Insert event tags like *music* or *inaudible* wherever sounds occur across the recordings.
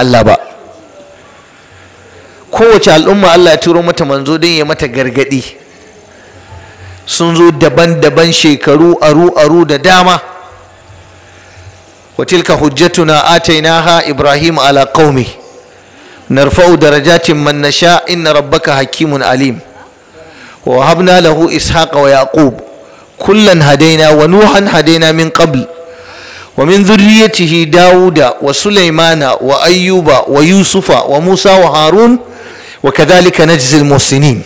Allah kowace al'umma Allah ya turo mata manzo din ya mata gargadi sun zo daban-daban shekaru aru-aru da dama Watilka tilka hujjatuna atainaha ibrahim ala qaumi narfa'u darajatin man nasha inna rabbaka hakimun alim wa habna lahu ishaqa wa yaqub kullan hadaina wa nuhan hadaina min qabl ومن ذريته داود وسليمان وأيوب ويوسف وموسى وهارون وكذلك نجزي المحسنين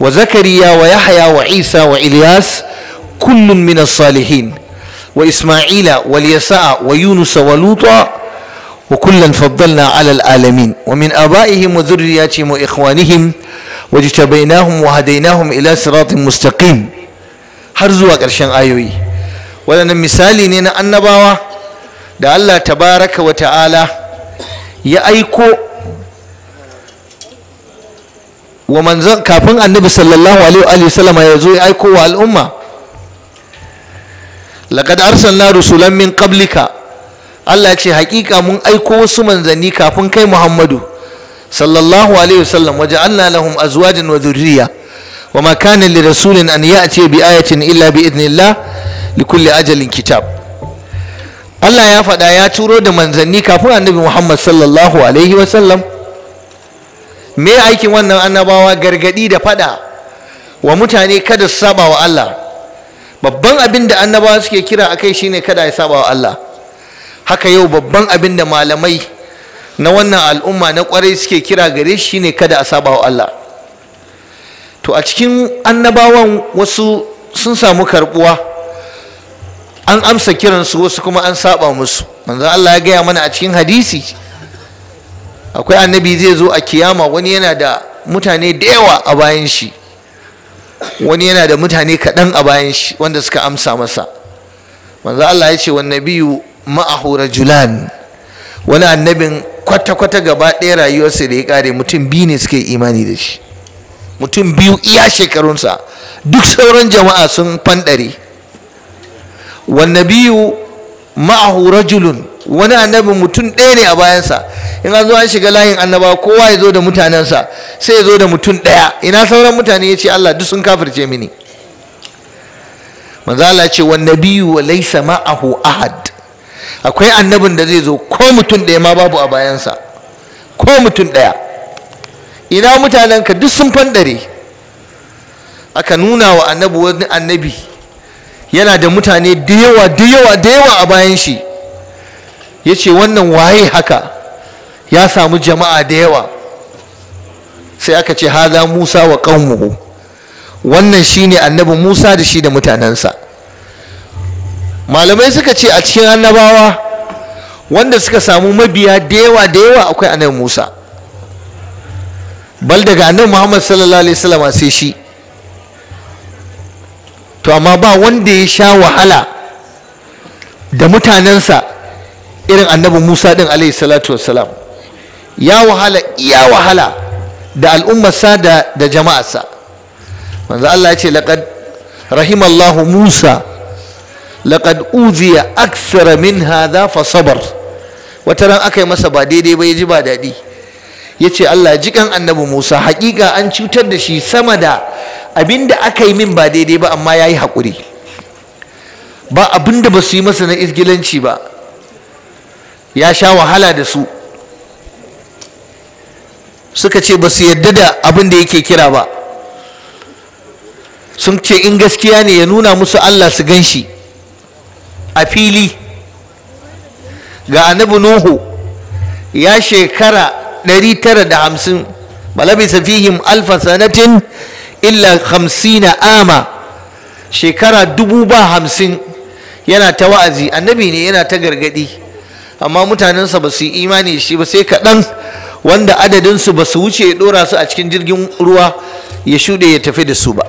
وزكريا ويحيى وعيسى وإلياس كل من الصالحين وإسماعيل واليساء ويونس ولوطا وكلا فضلنا على العالمين ومن آبائهم وذرياتهم وإخوانهم واجتبيناهم وهديناهم إلى صراط مستقيم حرزوا zuwa آيوي waɗannan misali ne na annabawa da Allah tabaraka wa ta'ala ya aiko wa manzon kafin annabi sallallahu alaihi wa ya zo ya aiko wa al'umma laqad arsalna rusulan min qablika Allah ce hakika mun aiko wasu manzanni kafin kai Muhammadu sallallahu alaihi wasallam wa ja'alna lahum azwajin wa dhurriyya wa makanin kana li rasulin an bi ayatin illa bi idnillah likulli ajalin kitab Allah ya faɗa ya turo da manzanni kafin annabi Muhammad sallallahu alaihi sallam. me aikin wannan annabawa gargadi da faɗa wa mutane kada su saba wa Allah babban abin da annabawa suke kira akai kai shine kada ya saba wa Allah haka yau babban abin da malamai na wannan al'umma na kwarai suke kira gare shi shine kada a saba wa Allah to a cikin annabawan wasu sun samu karbuwa an amsa kiransu wasu kuma an saba musu manzon Allah ya gaya mana a cikin hadisi akwai annabi zai zo a kiyama wani yana da mutane da yawa a bayan shi wani yana da mutane kaɗan a bayan shi wanda suka amsa masa manzo Allah ya ce wa nabiyu ma'ahu rajulan wani annabin kwata-kwata gaba ɗaya rayuwarsa da ya ƙare mutum biyu ne suke imani da shi mutum biyu iya shekarunsa duk sauran jama'a sun fanɗare wannabiyu ma'ahu rajulun wani annabi mutum ɗaya ne a bayansa in an zo an shiga layin annaba kowa ya zo da mutanensa sai ya zo da mutum ɗaya ina sauran mutane ya ce Allah duk sun kafirce mini Manzala Allah ce wannabiyu wa laisa ma'ahu ahad akwai annabin da zai zo ko mutum ɗaya ma babu a bayansa ko mutum ɗaya ina mutanenka duk sun fandare aka nuna wa annabi wani annabi yana da mutane da yawa da yawa da yawa a bayan shi ya ce wannan waye haka ya samu jama'a da yawa sai aka ce haza musa wa ƙanmuhu wannan shi ne annabi musa da shi da mutanensa malamai suka ce a cikin annabawa wanda suka samu mabiya da yawa da yawa akwai annabi musa bal daga annabi muhammad sallallahu alaihi wasallam sai shi to amma ba wanda ya sha wahala da mutanensa irin annabi musa din alaihi salatu wassalam ya wahala iya wahala da al'ummarsa da, da jama'arsa manzo Allah ya ce rahimallahu musa laƙad uziya aksara min hadha fa sabar wata ran aka yi masa ba daidai ba ya ji ba daɗi ya ce Allah jikan annabi Musa haƙiƙa an cutar da shi sama da Abin da aka yi min ba daidai ba amma ya yi haƙuri ba abinda ba su yi masa na izgilanci ba ya sha wahala da su suka ce ba su yadda da abin da yake kira ba sun ce in gaskiya ne ya nuna musu Allah su gan shi a fili ga annabi nuhu ya shekara 950 balabisa fihim alfa sanatin illa hamsina ama shekara dubu ba hamsin yana ta wa'azi annabi ne yana ta gargadi amma mutanensa ba su yi imani shi ba sai kaɗan wanda adadinsu ba su wuce ya ɗora su a cikin jirgin ruwa ya shuɗe ya tafi da su ba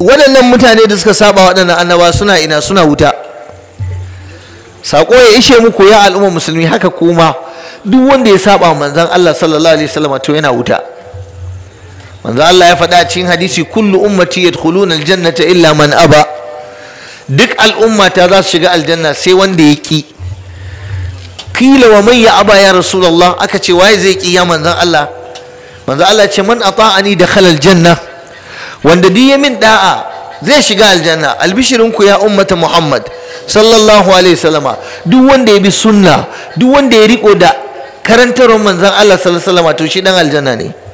waɗannan mutane da suka saba waɗannan annaba suna ina suna wuta saƙo ya ishe muku ya al'umma musulmi haka kuma duk wanda ya saba manzan Allah sallallahu alaihi wasallam to yana wuta manzo Allah ya faɗa cikin hadisi kullu ummati yadkhuluna aljannata illa man aba duk al'umma ta za su shiga aljanna sai wanda ya ki kila wa man ya aba ya rasulullah aka ce waye zai ki ya manzon Allah manzo Allah ce man ata'ani dakhala aljanna wanda duk ya min da'a zai shiga aljanna ku ya ummata muhammad sallallahu alaihi wasallama duk wanda ya bi sunna duk wanda ya riko da karantarwar manzon Allah sallallahu alaihi wasallama to shi dan aljanna ne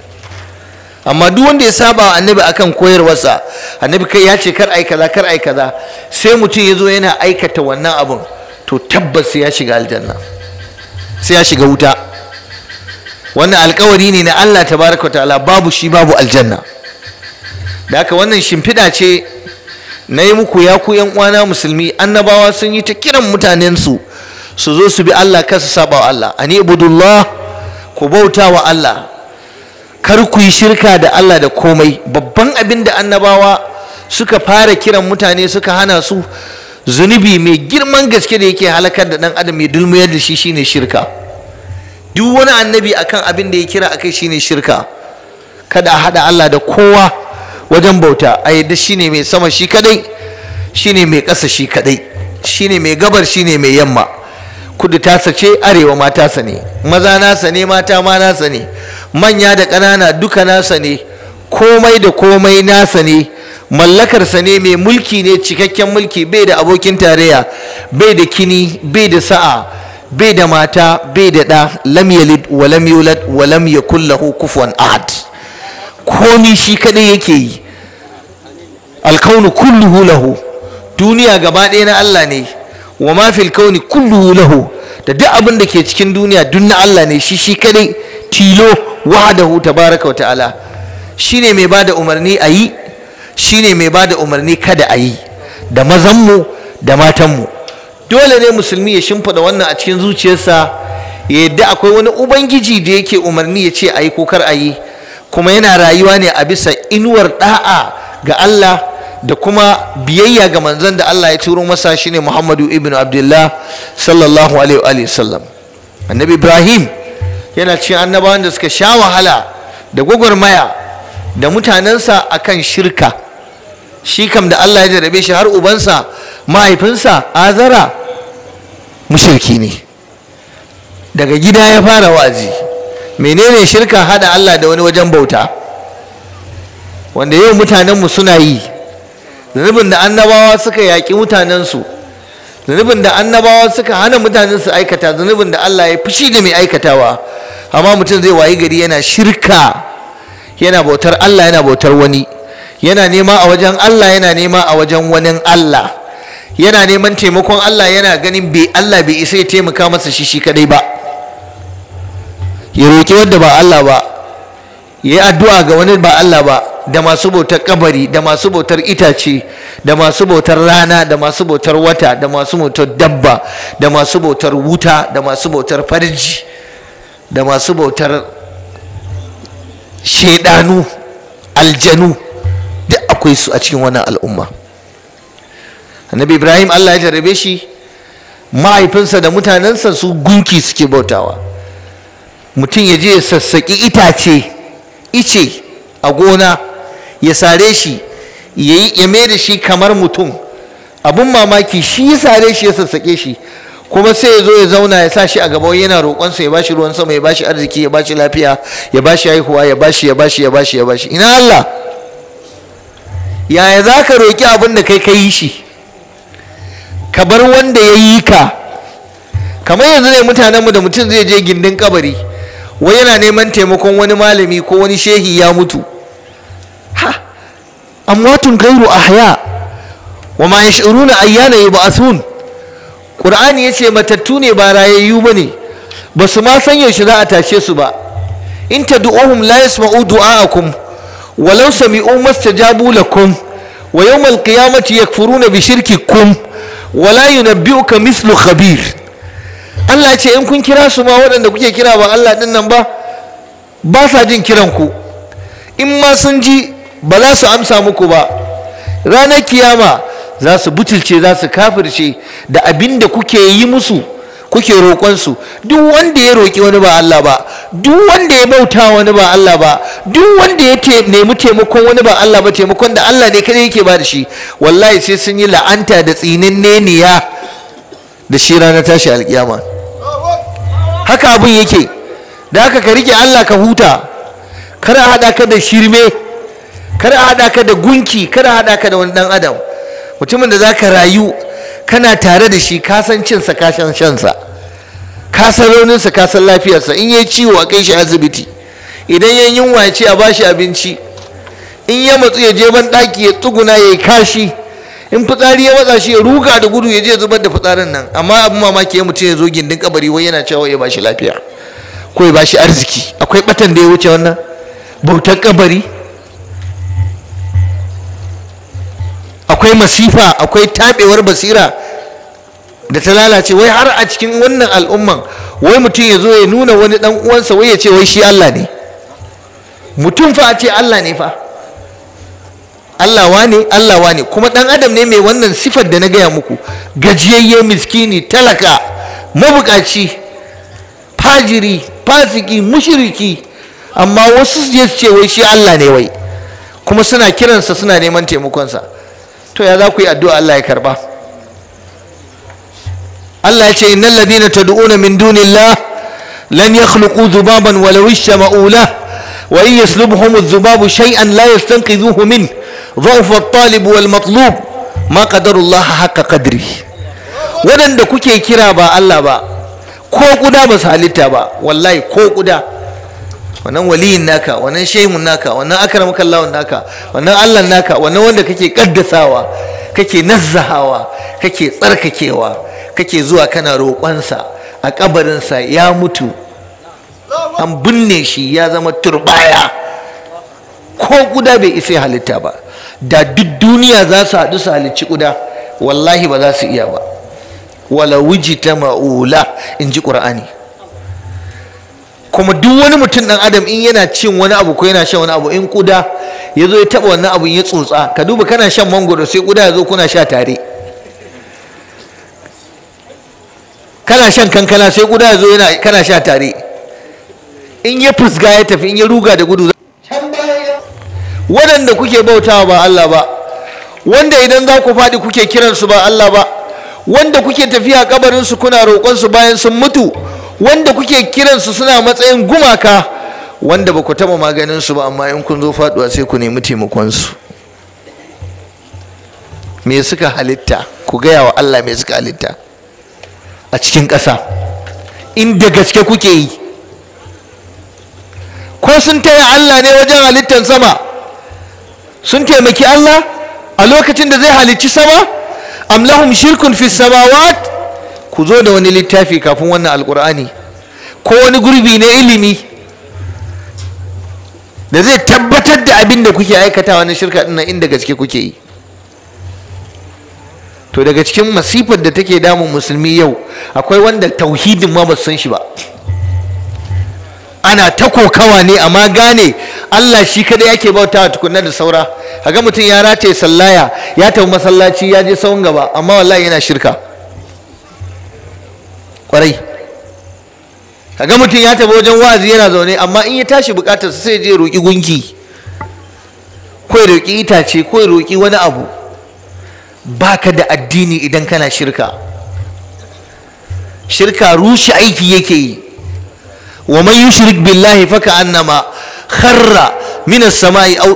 amma duk wanda ya saba wa annabi akan koyarwarsa annabi kai ya ce kar ai kaza kar ai kaza sai mutum ya zo yana aikata wannan abun to tabbas sai ya shiga aljanna sai ya shiga wuta wannan alkawari ne na Allah tabaraka ta'ala babu shi babu aljanna da haka wannan shimfiɗa ce na yi muku ya ku yan uwana musulmi annabawa sun yi ta kiran mutanensu su zo su bi Allah kar su saba wa Allah ani ibudullah ku bauta wa Allah kar ku yi shirka da Allah da komai babban abin da annabawa suka fara kiran mutane suka hana su zunubi mai girman gaske da yake halakar da dan adam ya dulmuyar da shi shine shirka duk wani annabi akan abin da ya kira akai shine shirka kada a hada Allah da kowa wajen bauta a yadda shine mai sama shi kadai shine mai ƙasa shi kadai shine mai gabar shine mai yamma kudu ta sace arewa ma tasa ne maza nasa ne mata ma nasa ne manya da ƙanana duka nasa ne komai da komai nasa ne mallakarsa ne mai mulki ne cikakken mulki bai da abokin tarayya bai da kini bai da sa'a bai da mata bai da ɗa lam yalid wa lam yulad wa lam yakul lahu kufuwan ahad komi shi kadai yake yi alkaunu kulluhu lahu duniya gaba ɗaya na Allah ne wa ma fil kauni kullu lahu da duk abin da ke cikin duniya duk na Allah ne shi shi kadai tilo wahdahu tabaraka wa ta'ala shine mai bada umarni ayi. shine mai bada umarni kada ayi. yi da mazanmu da matanmu dole ne musulmi ya shimfiɗa wannan a cikin zuciyarsa ya yadda akwai wani ubangiji da yake umarni ya ce ayi ko kar a kuma yana rayuwa ne a bisa inuwar da'a ga Allah da kuma biyayya ga manzon da Allah ya turo masa shine Muhammadu ibn Abdullah sallallahu alaihi wa sallam annabi Ibrahim yana cikin annabawan da suka sha wahala da gwagwarmaya da mutanensa akan shirka shi kam da Allah ya jarabe shi har ubansa mahaifinsa azara shirki ne daga gida ya fara wa'azi menene shirka hada Allah da wani wajen bauta wanda yau mutanenmu suna yi zunubin da annabawa suka yaƙi mutanensu zunubin da annabawa suka hana mutanensu su aikata zunubin da Allah ya fushi da mai aikatawa amma mutum zai wayi gari yana shirka yana bautar Allah yana bautar wani yana nema a wajen Allah yana nema a wajen wani Allah yana neman taimakon Allah yana ganin bai Allah bai isa ya taimaka masa shi shi kadai ba ya roƙi wanda ba Allah ba ya yi addu'a ga wani ba Allah ba da masu bautar kabari da masu bautar itace da masu bautar rana da masu bautar wata da masu bautar dabba da masu bautar wuta da masu bautar farji da masu bautar shedanu aljanu Da akwai su a cikin wannan al'umma annabi ibrahim allah ya jarabe shi mahaifinsa da mutanensa su gunki suke bautawa mutum ya je ya sassaƙi itace ice a gona ya sare shi ya mai da shi kamar mutum Abin mamaki shi ya sare shi ya sassaƙe shi kuma sai ya zo ya zauna ya sa shi a gaba yana roƙonsa ya ba shi ruwan sama ya ba shi arziki ya ba shi lafiya ya ba shi haihuwa ya ba shi ya ba shi, ya ba shi ya ba shi. ina Allah yaya za ka roƙi abin da kai ka yi shi ka bar wanda ya yi ka kamar yanzu ne mutanenmu da mutum zai je gindin kabari wai yana neman taimakon wani malami ko wani shehi ya mutu ha amwatun gairu ahya wa ma yash'uruna ayyana yub'athun qur'ani yace matattu ne ba rayayyu bane ba su ma san yaushe za a tashe su ba in tad'uhum la yasma'u du'aakum walau sami'u mastajabu lakum wa yawmal qiyamati yakfuruna bi shirkikum wa yunabbi'uka mithlu khabir Allah ce in kun kira su ma waɗanda kuke kira ba Allah ɗin nan ba ba sa jin kiran ku in ma sun ji ba za su amsa muku ba ranar kiyama za su butulce za su kafirce da abin da kuke yi musu kuke roƙonsu duk wanda ya roƙi wani ba Allah ba duk wanda ya bauta wani ba Allah ba duk wanda ya nemi taimakon wani ba Allah ba taimakon da Allah ne kada yake ba da shi wallahi sai sun yi la'anta da tsinin neniya. da shi ranar tashi alkiyama haka abin yake da haka ka rike Allah ka huta kar a haɗa ka da shirme kar a ka da gunki kar a ka da wani ɗan adam mutumin da za ka rayu kana tare da shi ka san cinsa shansa ka rauninsa kasan lafiyarsa in yayi ciwo a kai shi asibiti idan ya yunwa ya ce a bashi abinci in ya matsu ya je ban ɗaki ya tsuguna ya yi kashi in fitsari ya watsa shi ya ruga da gudu ya je zubar da fitsarin nan amma abin mamaki ya mutum ya zo gindin kabari wai yana cewa ya bashi lafiya ko ya bashi arziki akwai batan da ya wuce wannan bautar kabari akwai masifa akwai tabewar basira da ta lalace wai har a cikin wannan al'umman wai mutum ya zo ya nuna wani dan uwansa wai ya ce wai shi Allah ne mutum fa a ce Allah ne fa Allah wane Allah wane kuma dan adam ne mai wannan sifar da na gaya muku gajiyayye miskini talaka mabukaci fajiri fasiki mushiriki, amma wasu su je su ce wai shi Allah ne wai kuma suna kiransa suna neman taimakonsa to ya za ku yi addu'a Allah ya karba Allah ya ce innal ladina tad'una min dunillah lan yakhluqu dhubaban walaw ishtama'u وإن يسلبهم الذباب شيئا لا يستنقذوه منه ضعف الطالب والمطلوب ما قدر الله حق قدره ودن كوكي كرا با الله با ko kuda ba su halitta ba wallahi ko kuda wannan waliyin naka wannan shehun naka wannan akramaka Allahun naka wannan Allah naka wannan wanda kake kaddasawa kake nazzahawa kake tsarkakewa kake zuwa kana roƙonsa a kabarinsa ya mutu an binne shi ya zama turbaya ko guda bai isa halitta ba da duk duniya za su haɗu su halicci guda wallahi ba za su iya ba wala wuji ta ma'ula in ji ƙur'ani kuma duk wani mutum ɗan adam in yana cin wani abu ko yana shan wani abu in kuda ya zo ya taɓa wannan abu ya tsotsa ka duba kana shan mangoro sai kuda ya zo kuna sha tare kana shan kankana sai kuda ya zo kana sha tare in ya fusga ya tafi in ya ruga da gudu waɗanda kuke bautawa ba Allah ba wanda idan za ku faɗi kuke kiransu ba Allah ba wanda kuke tafiya kabarinsu kuna roƙonsu bayan sun mutu wanda kuke kiransu suna matsayin gumaka wanda ba ku taɓa maganinsu ba amma in kun zo faɗuwa sai ku nemi taimakonsu me suka halitta ku gaya wa Allah me suka halitta a cikin ƙasa Inda gaske kuke yi ko sun taya Allah ne wajen halittar sama sun taimaki Allah a lokacin da zai halicci sama amlahum shirkun fi samawat ku zo da wani littafi kafin wannan alkur'ani ko wani gurbi na ilimi da zai tabbatar da abin da kuke aikatawa na shirka dinnan inda gaske kuke yi to daga cikin masifar da take damun musulmi yau akwai wanda tauhidin ma ba san shi ba ana ta kokawa ne amma gane Allah shi kadai yake bauta a tukunna da saura kaga mutum ya rataye sallaya ya tafi masallaci ya je sawun gaba amma wallahi yana shirka kwarai kaga mutum ya tafi wajen wa'azi yana zaune amma in ya tashi bukatar sai je roki gunki ko ya roki itace ko ya roki wani abu baka da addini idan kana shirka shirka rushe aiki yake yi wa man yushrik billahi faka annama harra mina as-sama'i aw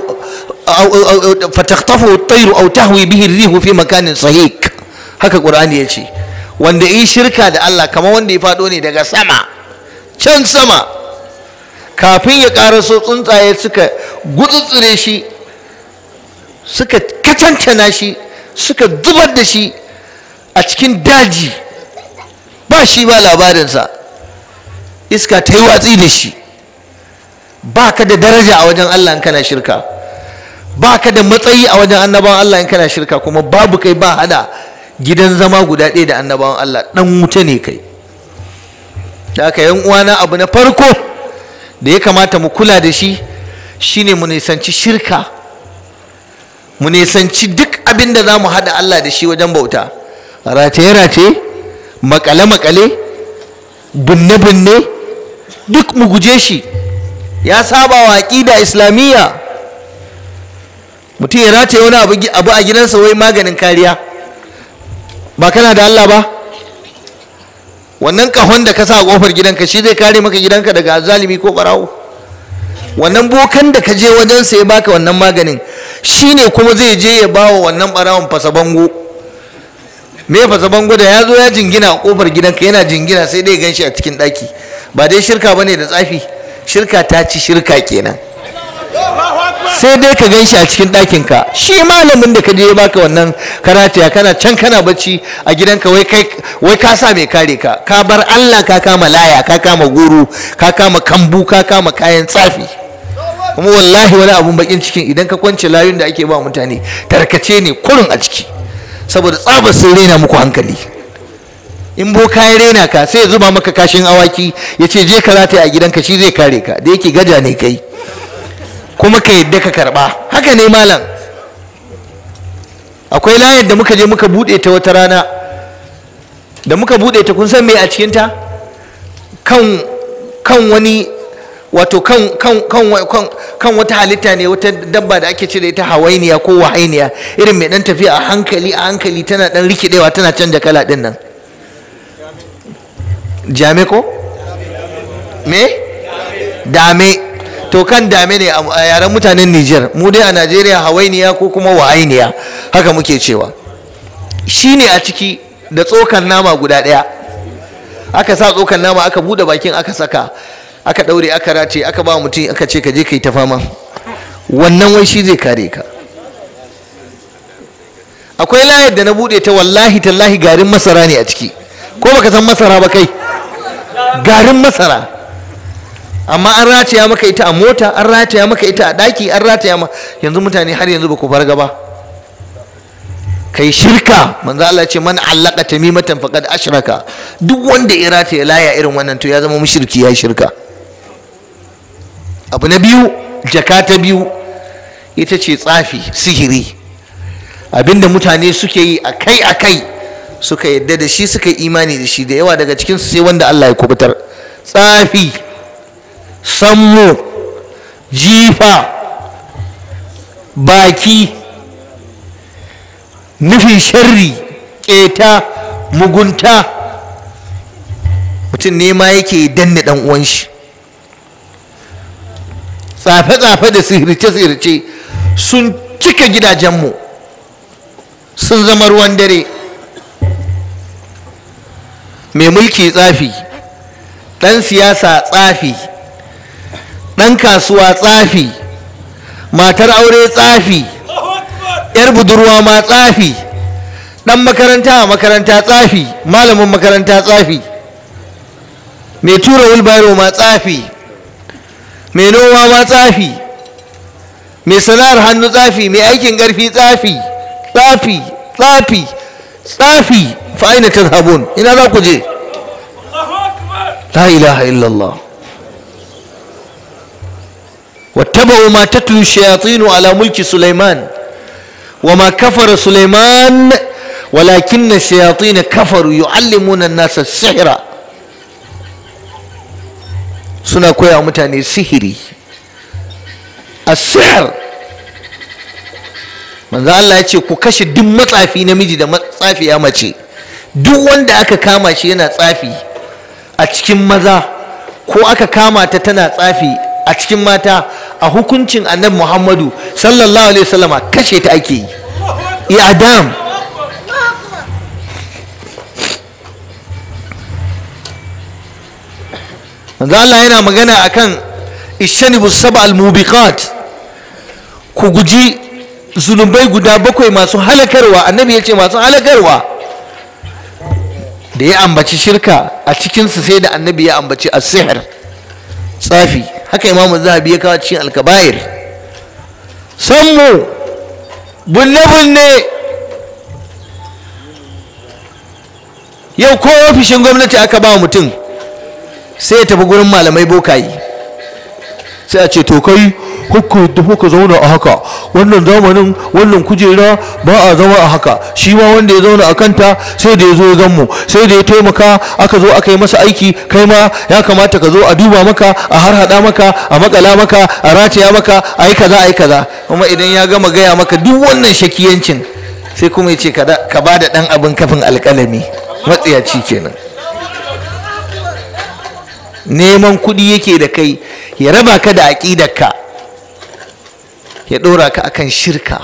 fatakhtafu at-tayru bihi ar makanin sahik haka ya ce wanda yi shirka da Allah kamar wanda ya faɗo ne daga sama can sama kafin ya sa tsuntsaye suka gutsutsure shi suka kacancana shi suka zubar da shi a cikin daji ba shi ba labarinsa iska ta yi watsi da shi ba ka da daraja a wajen Allah in kana shirka ba ka da matsayi a wajen annabawan Allah in kana shirka kuma babu kai ba hada gidan zama guda ɗaya da annabawan Allah ɗan wuta ne kai da aka yan uwana abu na farko da ya kamata mu kula da shi shine mu nisanci shirka mu nisanci duk abin da za mu haɗa Allah da shi wajen bauta rataye-rataye makale-makale binne-binne duk mu guje shi ya saba wa aƙida islamiyya mutum ya rataye wani abu a gidansa wai maganin kariya ba kana da Allah ba wannan kahon da ka sa a ƙofar gidanka shi zai kare maka gidanka daga zalimi ko ɓarawo wannan bokan da ka je wajen ya baka wannan maganin shi ne kuma zai je ya ba wa wannan ɓarawon bango. me fasa bango da ya zo ya jingina a ƙofar gidanka yana jingina sai dai gan shi a cikin ɗaki ba dai shirka bane da tsafi shirka ta ci shirka kenan sai dai ka gan shi a cikin ɗakin ka shi malamin da ka je baka wannan karatiya kana can kana bacci a gidanka wai kai wai ka sa mai kare ka ka bar Allah ka kama laya ka kama guru ka kama kambu ka kama kayan tsafi kuma wallahi wani abun bakin cikin idan ka kwance layun da ake ba mutane tarkace ne kurin a ciki saboda tsabar sun rena muku hankali in boka ya raina ka sai ya zuba maka kashin awaki ya ce je ka rataye a gidanka shi zai kare ka da yake gaja ne kai kuma ka yadda ka karba haka ne malam akwai layar da muka je muka buɗe ta wata rana da muka buɗe ta kun san me a cikinta kan wani wato kan kan wata halitta ne wata dabba da ake cire ta hawainiya ko wahainiya irin mai dan tafiya a hankali a hankali tana dan rikidewa tana canja kala din nan jame ko me dame to kan dame ne a yaren mutanen Nijar mu dai a Najeriya hawainiya ko kuma wa'ainiya haka muke cewa shi ne a ciki da tsokan nama guda ɗaya aka sa tsokan nama aka buɗe bakin aka saka aka ɗaure aka race aka ba mutum aka ce ka je ka yi ta fama wannan wai shi zai kare ka akwai layar da na buɗe ta wallahi tallahi garin masara ne a ciki ko baka san masara ba kai garin masara amma an rataya maka ita a mota an rataya maka ita a ɗaki an rataya ma yanzu mutane har yanzu ba ku farga ba kai shirka manzo Allah ce man allaka tamimatan faqad ashraka duk wanda ya rataya laya irin wannan to ya zama mushriki ya shirka abu na biyu jaka ta biyu ita ce tsafi sihiri abinda mutane suke yi akai akai suka yadda da shi suka imani da shi da yawa daga cikinsu sai wanda Allah ya kubutar tsafi sammo jifa baki nufin sharri keta mugunta mutum ne ma yake danne dan uwan shi tsafe-tsafe da sihirce-sihirce sun cika gidajen mu sun zama ruwan dare mai mulki tsafi ɗan siyasa tsafi ɗan kasuwa tsafi matar aure tsafi yar budurwa ma tsafi ɗan makaranta a makaranta tsafi malamin makaranta tsafi mai tura wilbaro ma tsafi mai noma ma tsafi mai sana'ar hannu tsafi mai aikin ƙarfi tsafi tsafi tsafi tsafi fa aina tadhhabun ina za ku je la ilaha illallah واتبعوا ما تتلو الشياطين على ملك سليمان وما كفر سليمان ولكن الشياطين كفروا يعلمون الناس السحر suna koya mutane sihiri asihar manzo Allah ya ce ku kashe duk matsafi namiji da matsafiya mace duk wanda aka kama shi yana tsafi a cikin maza ko aka kama ta tana tsafi a cikin mata a hukuncin annabi muhammadu sallallahu alaihi wasallama kashe ta ake yi adam Allah yana magana akan ishanibu sab al-mubiqat ku guji zunubai guda bakwai masu halakarwa annabi ya ce masu halakarwa da ya ambaci shirka a cikinsu sai da annabi ya ambaci a sihar tsafi haka imamu zahabi ya kawo cikin alkabair mu bunne-bunne yau ko ofishin gwamnati aka ba mutum sai ya tafi gurin malamai bokayi sai a ce to kai hukku da kuka zauna a haka wannan zamanin wannan kujera ba a zama a haka shi ma wanda ya zauna a kanta sai da ya zo ya mu sai da ya taimaka aka zo aka yi masa aiki kai ma ya kamata ka zo a duba maka a harhaɗa maka a makala maka a rataya maka a yi kaza a yi kaza kuma idan ya gama gaya maka duk wannan shakiyancin sai kuma ya ce ka ba da ɗan abin kafin alƙalami matsiyaci kenan neman kuɗi yake da kai ya raba ka da aƙidarka ya ɗora ka akan shirka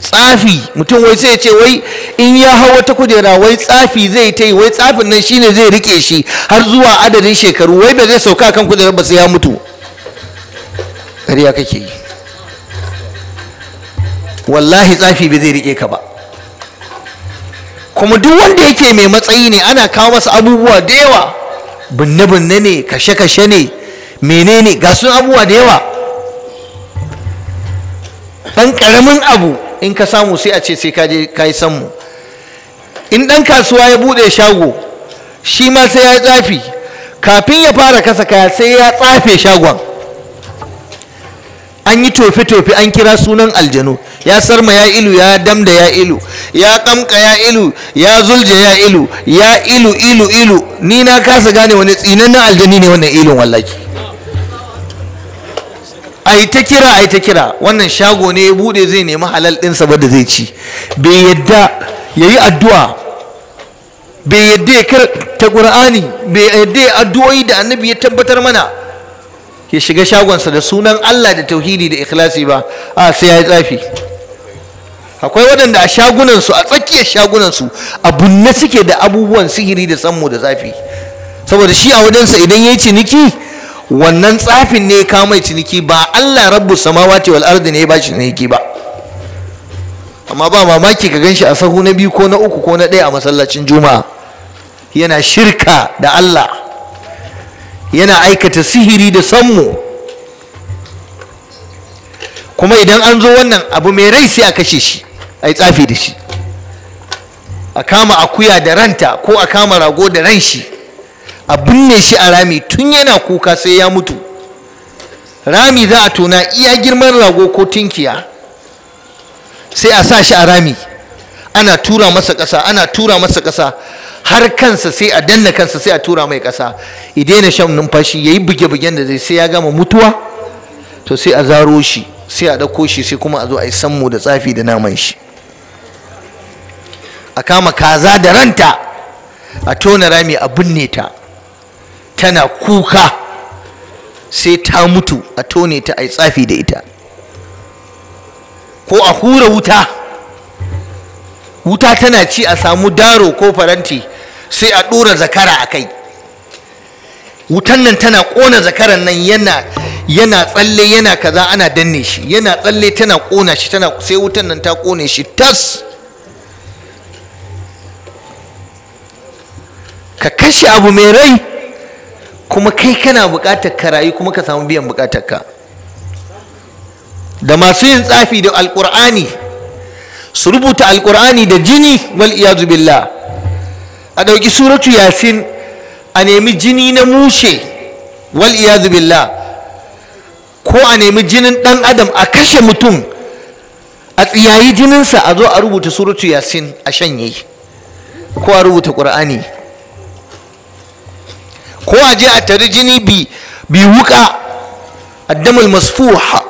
tsafi mutum wai sai ya ce wai in ya hau wata kujera wai tsafi zai ta yi wai tsafin nan shine zai rike shi har zuwa adadin shekaru wai ba zai sauka kan kujerar ba sai ya mutu ƙarya kake yi wallahi tsafi ba zai rike ka ba kuma duk wanda yake mai matsayi ne ana kawo masa abubuwa da yawa binne-binne ne kashe-kashe ne menene ga sun abubuwa da yawa ɗan karamin abu in ka samu sai a ce sai ka je ka yi sanmu in ɗan kasuwa ya buɗe shago shi ma sai ya tsafi kafin ya fara kasa kaya sai ya tsafe shagon an yi tofe-tofe an kira sunan aljanu ya sarma ya ilu ya damda ya ilu ya kamka ya ilu ya zulje ya ilu ya ilu ilu ilu ni na kasa gane wani tsinannen aljani ne wannan ilin wallaki a yi ta kira a yi ta kira wannan shago ne ya bude zai nemi halal ɗinsa ba da zai ci bai yadda ya yi addu'a bai yadda ya kar ta ƙura'ani, bai yadda ya addu'o'i da annabi ya tabbatar mana ya shiga shagonsa da sunan Allah da tauhidi da ikhlasi ba a sai ya yi tsafi akwai waɗanda a shagunansu a tsakiyar shagunansu a bunne suke da abubuwan sihiri da sammu da zafi. saboda shi a wajensa idan ya yi ciniki wannan tsafin ne ya mai ciniki ba Allah rabbu samawati wal ardi ne ya bashi ciniki ba amma ba mamaki ka ganshi a sahu na biyu ko na uku ko na ɗaya a masallacin juma'a yana shirka da Allah yana aikata sihiri da sammu kuma idan an zo wannan abu mai rai sai a kashe shi a yi tsafi da shi a kama akuya da ranta ko a kama rago da ran shi a binne shi a rami tun yana kuka sai ya mutu rami za a tona iya girman rago ko tunkiya. sai a sa shi a rami ana tura masa ƙasa ana tura masa ƙasa har kansa sai a danna kansa sai a tura mai ƙasa Idan daina shan numfashi ya yi buge-bugen da zai sai ya gama mutuwa to sai a zaro shi sai a ɗauko shi sai kuma a zo a yi sammu da tsafi da naman shi a kama kaza da ranta a tona rami a binne ta tana kuka sai ta mutu a tone ta a yi tsafi da ita ko a hura wuta wuta tana ci a samu daro ko faranti sai a ɗora zakara a kai wutan nan tana ƙona zakaran nan yana yana tsalle yana kaza ana danne shi yana tsalle tana ƙona shi tana sai wutan nan ta ƙone shi tas ka kashe abu mai rai kuma kai kana buƙatar ka rayu kuma ka samu biyan buƙatar ka da masu yin tsafi da alƙur'ani su rubuta alƙur'ani da jini wal iyazu billah a ɗauki suratu yasin a nemi jini na mushe wal billah ko a nemi jinin ɗan adam a kashe mutum a tsiyayi jininsa a zo a rubuta suratu yasin a shanye ko a rubuta ƙur'ani ko a je a tari jini bi wuka addamul masfuha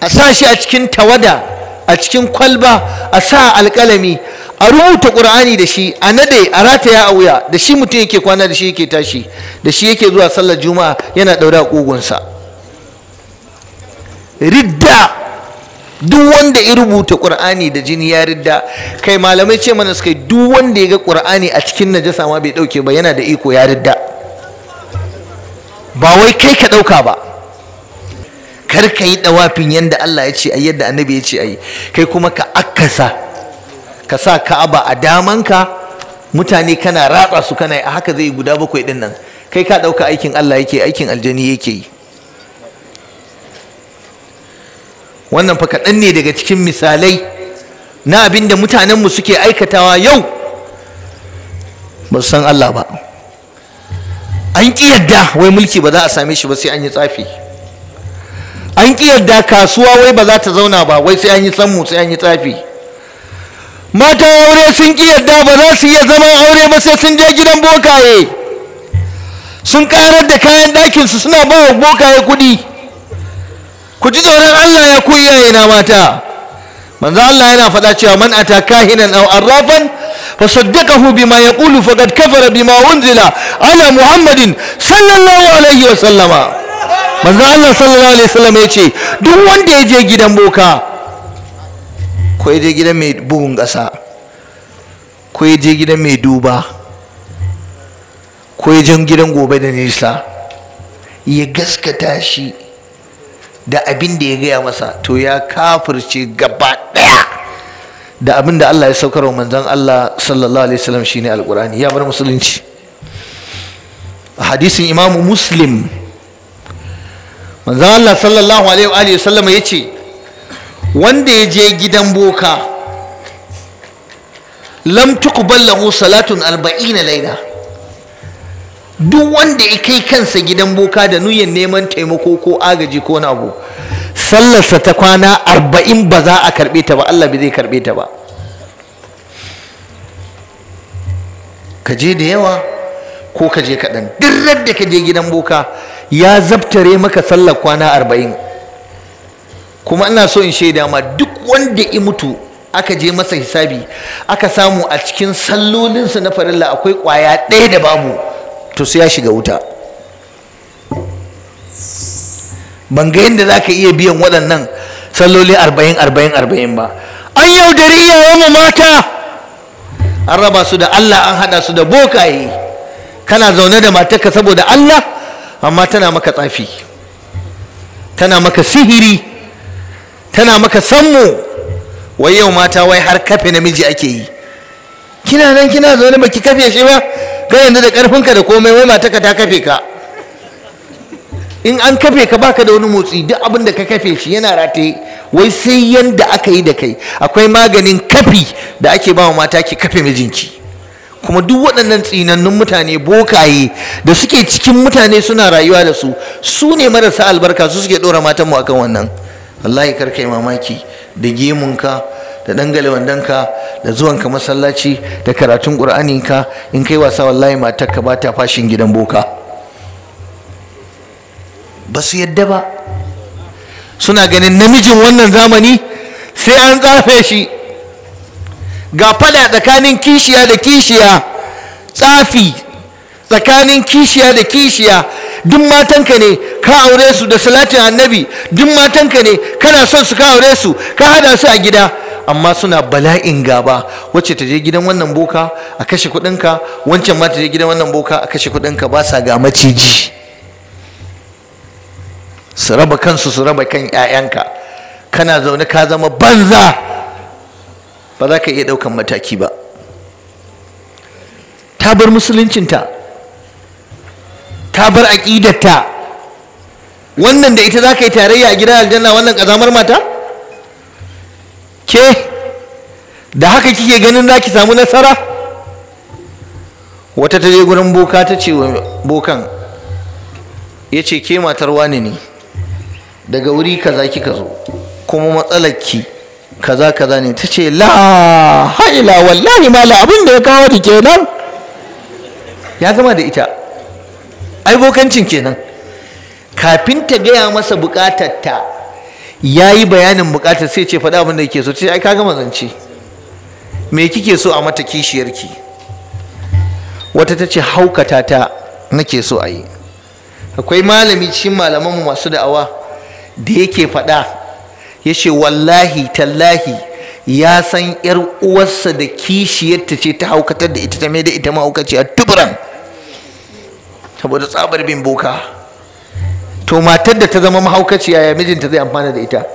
a sa shi a cikin tawada a cikin kwalba a sa alƙalami a rubuta qur'ani da shi a nade a rataya a wuya da shi mutum yake kwana da shi yake tashi da shi yake zuwa sallar juma'a yana daura kogonsa ridda duk wanda ya rubuta qur'ani da jini ya ridda kai malamai ce mana suka duk wanda ya ga qur'ani a cikin najasa ma bai dauke ba yana da iko ya ridda ba wai kai ka dauka ba kar ka yi dawafin yadda Allah ya ce a yadda annabi ya ce ayi kai kuma ka akasa ka sa ka'aba a damanka mutane kana ratsa su kana a haka zai guda bakwai din nan kai ka ɗauka aikin Allah yake aikin aljani yake yi wannan fa kaɗan ne daga cikin misalai na abin da mutanenmu suke aikatawa yau ba san Allah ba an ƙi yadda wai mulki ba za a same shi ba sai an yi tsafi an ƙi yadda kasuwa wai ba za ta zauna ba wai sai an yi sammu sai an yi tsafi mata aure sun ƙi yadda ba za su iya zama aure ba sai sun je gidan bokaye sun karar da kayan ɗakinsu suna ba wa bokaye kuɗi ku ji tsoron allah ya ku iyaye na mata manzo allah yana faɗa cewa man ata kahinan aw arrafan fa saddaqahu bima yaqulu faqad kafara bima unzila ala muhammadin sallallahu alaihi wa sallama manzo allah sallallahu alaihi wa ya yace duk wanda ya je gidan boka ko ya je gidan mai bugun ƙasa ko ya je gidan mai duba ko ya je gidan gobe da nisa ya gaskata shi da abin da ya gaya masa to ya kafirce gaba ɗaya da abin da Allah ya saukar wa manzan Allah sallallahu alaihi wasallam shine alqur'ani ya bar musulunci A hadisin imam muslim manzan Allah sallallahu alaihi wasallam ce wanda ya je gidan boka ku tuqbal salatun na laila duk wanda ya kai kansa gidan boka da nuyan neman taimako ko agaji ko na abu sallarsa ta kwana arba'in ba za a karbe ta ba Allah bai zai karbe ta ba ka je da yawa ko ka je kaɗan duk da ka je gidan boka ya zabtare maka sallar kwana arba'in kuma ina so in shaida ma duk wanda ya mutu aka je masa hisabi aka samu a cikin sallolinsa na farilla akwai kwaya ɗaya da babu to sai ya shiga wuta ban ga yadda za ka iya biyan waɗannan salloli arba'in arba'in arba'in ba an yaudari wa mata an raba su da allah an haɗa su da bokaye kana zaune da matarka saboda allah amma tana maka tsafi tana maka sihiri tana maka sammu wai yau mata wai har kafe namiji ake yi kina nan kina zaune baki kafe shi ba ga yanzu da karfinka da komai wai mata ka ta kafe ka in an kafe ka baka da wani motsi duk abin da ka kafe shi yana rataye wai sai yanda aka yi da kai akwai maganin kafi da ake ba mata ki kafe mijinki kuma duk waɗannan tsinannun mutane bokaye da suke cikin mutane suna rayuwa da su su ne marasa albarka su suke ɗora matanmu akan wannan wallahi kar yi mamaki da gemunka da dangale wandonka da zuwanka masallaci da karatun ƙur'aninka in kai wasa wallahi matarka ba ta fashin gidan boka ba su yadda ba suna ganin namijin wannan zamani sai an tsafe shi ga fada tsakanin kishiya da kishiya tsafi tsakanin kishiya da kishiya duk matanka ne ka aure su da salatin annabi duk matanka ne kana son su ka aure su ka hada su a gida amma suna bala'in gaba wacce ta je gidan wannan boka a kashe kuɗinka wancan ma ta je gidan wannan boka a kashe kuɗinka ba sa ga maciji su raba kansu su raba kan 'ya'yanka kana zaune ka zama banza ba za ka iya ɗaukan mataki ba ta bar musuluncinta ta bar aqidarta wannan da ita za ka yi tarayya a gidan aljanna wannan kazamar mata ke da haka kike ganin za ki samu nasara wata ta je gurin boka ta ce bokan ya ce ke matar wani ne daga wuri kaza kika zo kuma matsalarki kaza kaza ne ta ce la haila wallahi mala abin da ya kawo ta kenan ya gama da ita ai bokancin kenan kafin ta gaya masa bukatar ta ya yi bayanin bukatar sai ce faɗa abin da yake so ce ai kaga mazanci me kike so a mata kishiyarki wata ta ce haukata ta nake so a yi akwai malami cikin malamanmu masu da'awa da yake faɗa ya ce wallahi tallahi ya san yar uwarsa da kishiyarta ce ta haukatar da ita ta mai da ita mahaukaciya tuburan saboda tsabar bin boka to matar da ta zama mahaukaci, ya mijinta zai amfana da ita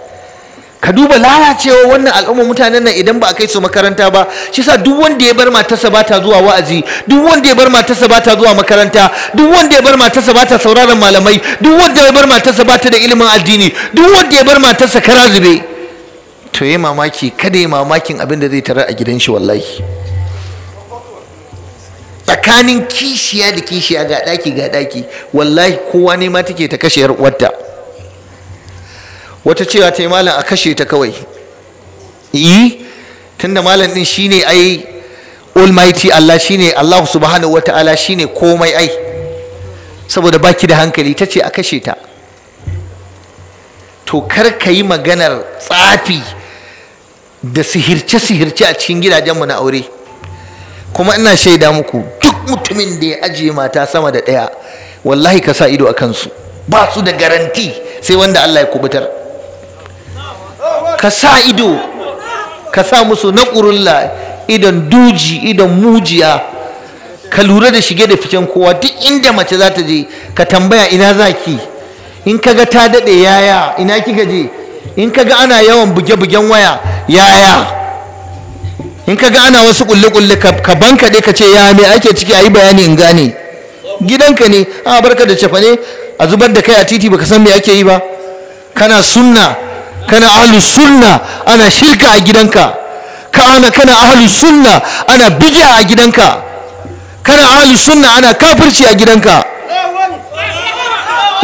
ka duba lalacewa wannan al'umma mutanen nan idan ba a kai su makaranta ba shi sa duk wanda ya bar matarsa ba ta zuwa wa'azi duk wanda ya bar matarsa ba ta zuwa makaranta duk wanda ya bar matarsa ba ta sauraron malamai duk wanda ya bar matarsa ba ta da ilimin addini duk wanda ya bar matarsa kara zube to yi mamaki kada yi mamakin abin da zai tarar a gidan shi wallahi tsakanin kishiya da kishiya ga ɗaki ga ɗaki wallahi kowa ne ma take ta kashe wata wata cewa ta yi malam a kashe ta kawai yi tunda malam ɗin shine ai almighty Allah shine Allah subhanahu wata'ala shine komai ai saboda baki da hankali ta ce a kashe ta to kar ka yi maganar tsafi da sihirce-sihirce a cikin gidajenmu na aure kuma ina shaida muku duk mutumin da ya ajiye mata sama da ɗaya wallahi ka sa ido a kansu ba su da garanti sai wanda Allah ya kubutar ka sa ido ka sa musu na ƙurulla idan duji idan mujiya ka lura da shige da ficen kowa duk inda mace za ta je ka tambaya ina za ki in ka ga ta daɗe yaya ina kika je in ka ga ana yawan buge-bugen waya yaya in ka ga ana wasu kulle-kulle ka kaɗe ka ce ya me ake ciki a yi bayani in gane gidanka ne a barka da cefane a zubar da kai a titi baka san me ake yi ba kana sunna kana ahlu sunna ana shirka a gidanka kana kana ahlu sunna ana bid'a a gidanka kana ahlu sunna ana kafirci a gidanka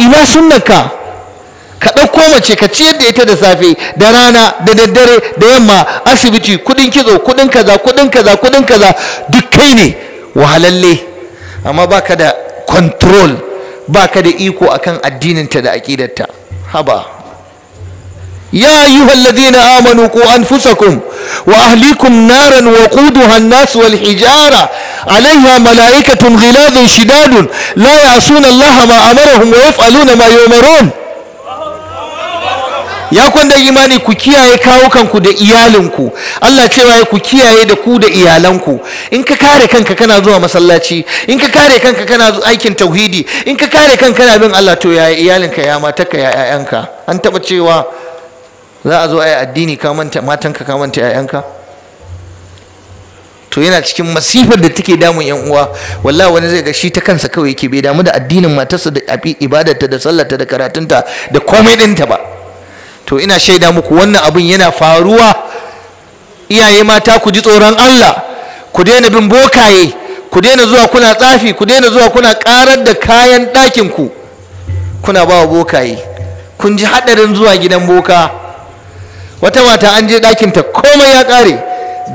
ina sunnaka. ka ɗauko mace ka ciyar da ita da safe da rana da daddare da yamma asibiti kudin kitso kudin kaza kudin kaza kudin kaza duk kai ne wahalalle amma baka da control baka da iko akan addininta da aqidarta haba ya ayyuhal ladina amanu qu anfusakum wa ahlikum naran waquduha an-nas wal hijara عليها ملائكة غلاظ شداد لا يعصون الله ما أمرهم ويفعلون ما يؤمرون ya kwanda imani ku kiyaye kawukanku da iyalinku Allah cewa ya ku kiyaye da ku da iyalanku in ka kare kanka kana zuwa masallaci in ka kare kanka kana aikin tauhidi in ka kare kanka kana bin Allah to yaya iyalinka ya matarka ya ƴaƴanka an taɓa cewa za a zo a addini ka manta matanka ka manta ƴaƴanka to yana cikin masifar da take damun yan uwa wallahi wani zai ga shi ta kansa kawai yake bai damu da addinin matarsa da ibadarta da sallarta da karatunta da komai ɗinta ba to ina shaida muku wannan abin yana faruwa iyaye mata ku ji tsoron Allah ku daina bin bokaye ku daina zuwa kuna tsafi ku daina zuwa kuna karar da kayan ɗakin ku kuna ba bokaye kun ji haɗarin zuwa gidan boka wata mata an je ta komai ya ƙare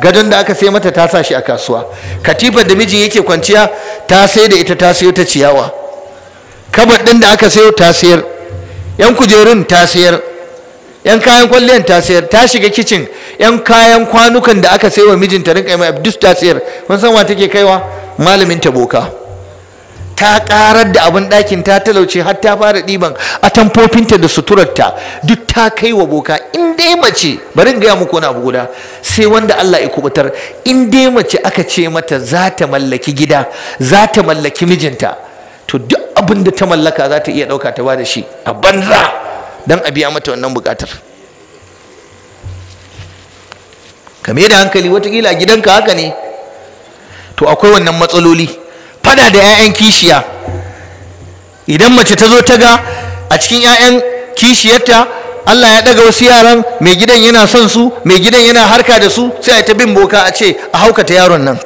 gadon da aka sai mata ta sa shi a kasuwa katifar da mijin yake kwanciya ta sai da ita ta sayo ta ciyawa kabar ɗin da aka sayo ta sayar yan kujerun ta sayar yan kayan kwalliyar ta sayar ta shiga kicin yan kayan kwanukan da aka sayi wa mijinta rinka mai abdus ta sayar kun san wa take kaiwa malamin ta boka ta karar da abin ɗakin ta talauce har ta fara ɗiban A atamfofinta da suturarta duk ta kai wa boka in dai mace bari in gaya muku wani abu guda sai wanda Allah ya kubutar in dai mace aka ce mata za ta mallaki gida za ta mallaki mijinta to duk abin da ta mallaka za ta iya ɗauka ta ba da shi a banza don a biya mata wannan buƙatar ka mai da hankali watakila a gidanka haka ne to akwai wannan matsaloli fada da 'ya'yan kishiya idan mace ta zo ta ga a cikin 'ya'yan kishiyarta Allah ya daga wasu yaran mai gidan yana son su mai gidan yana harka da su sai a ta bin boka a ce a haukata yaron nan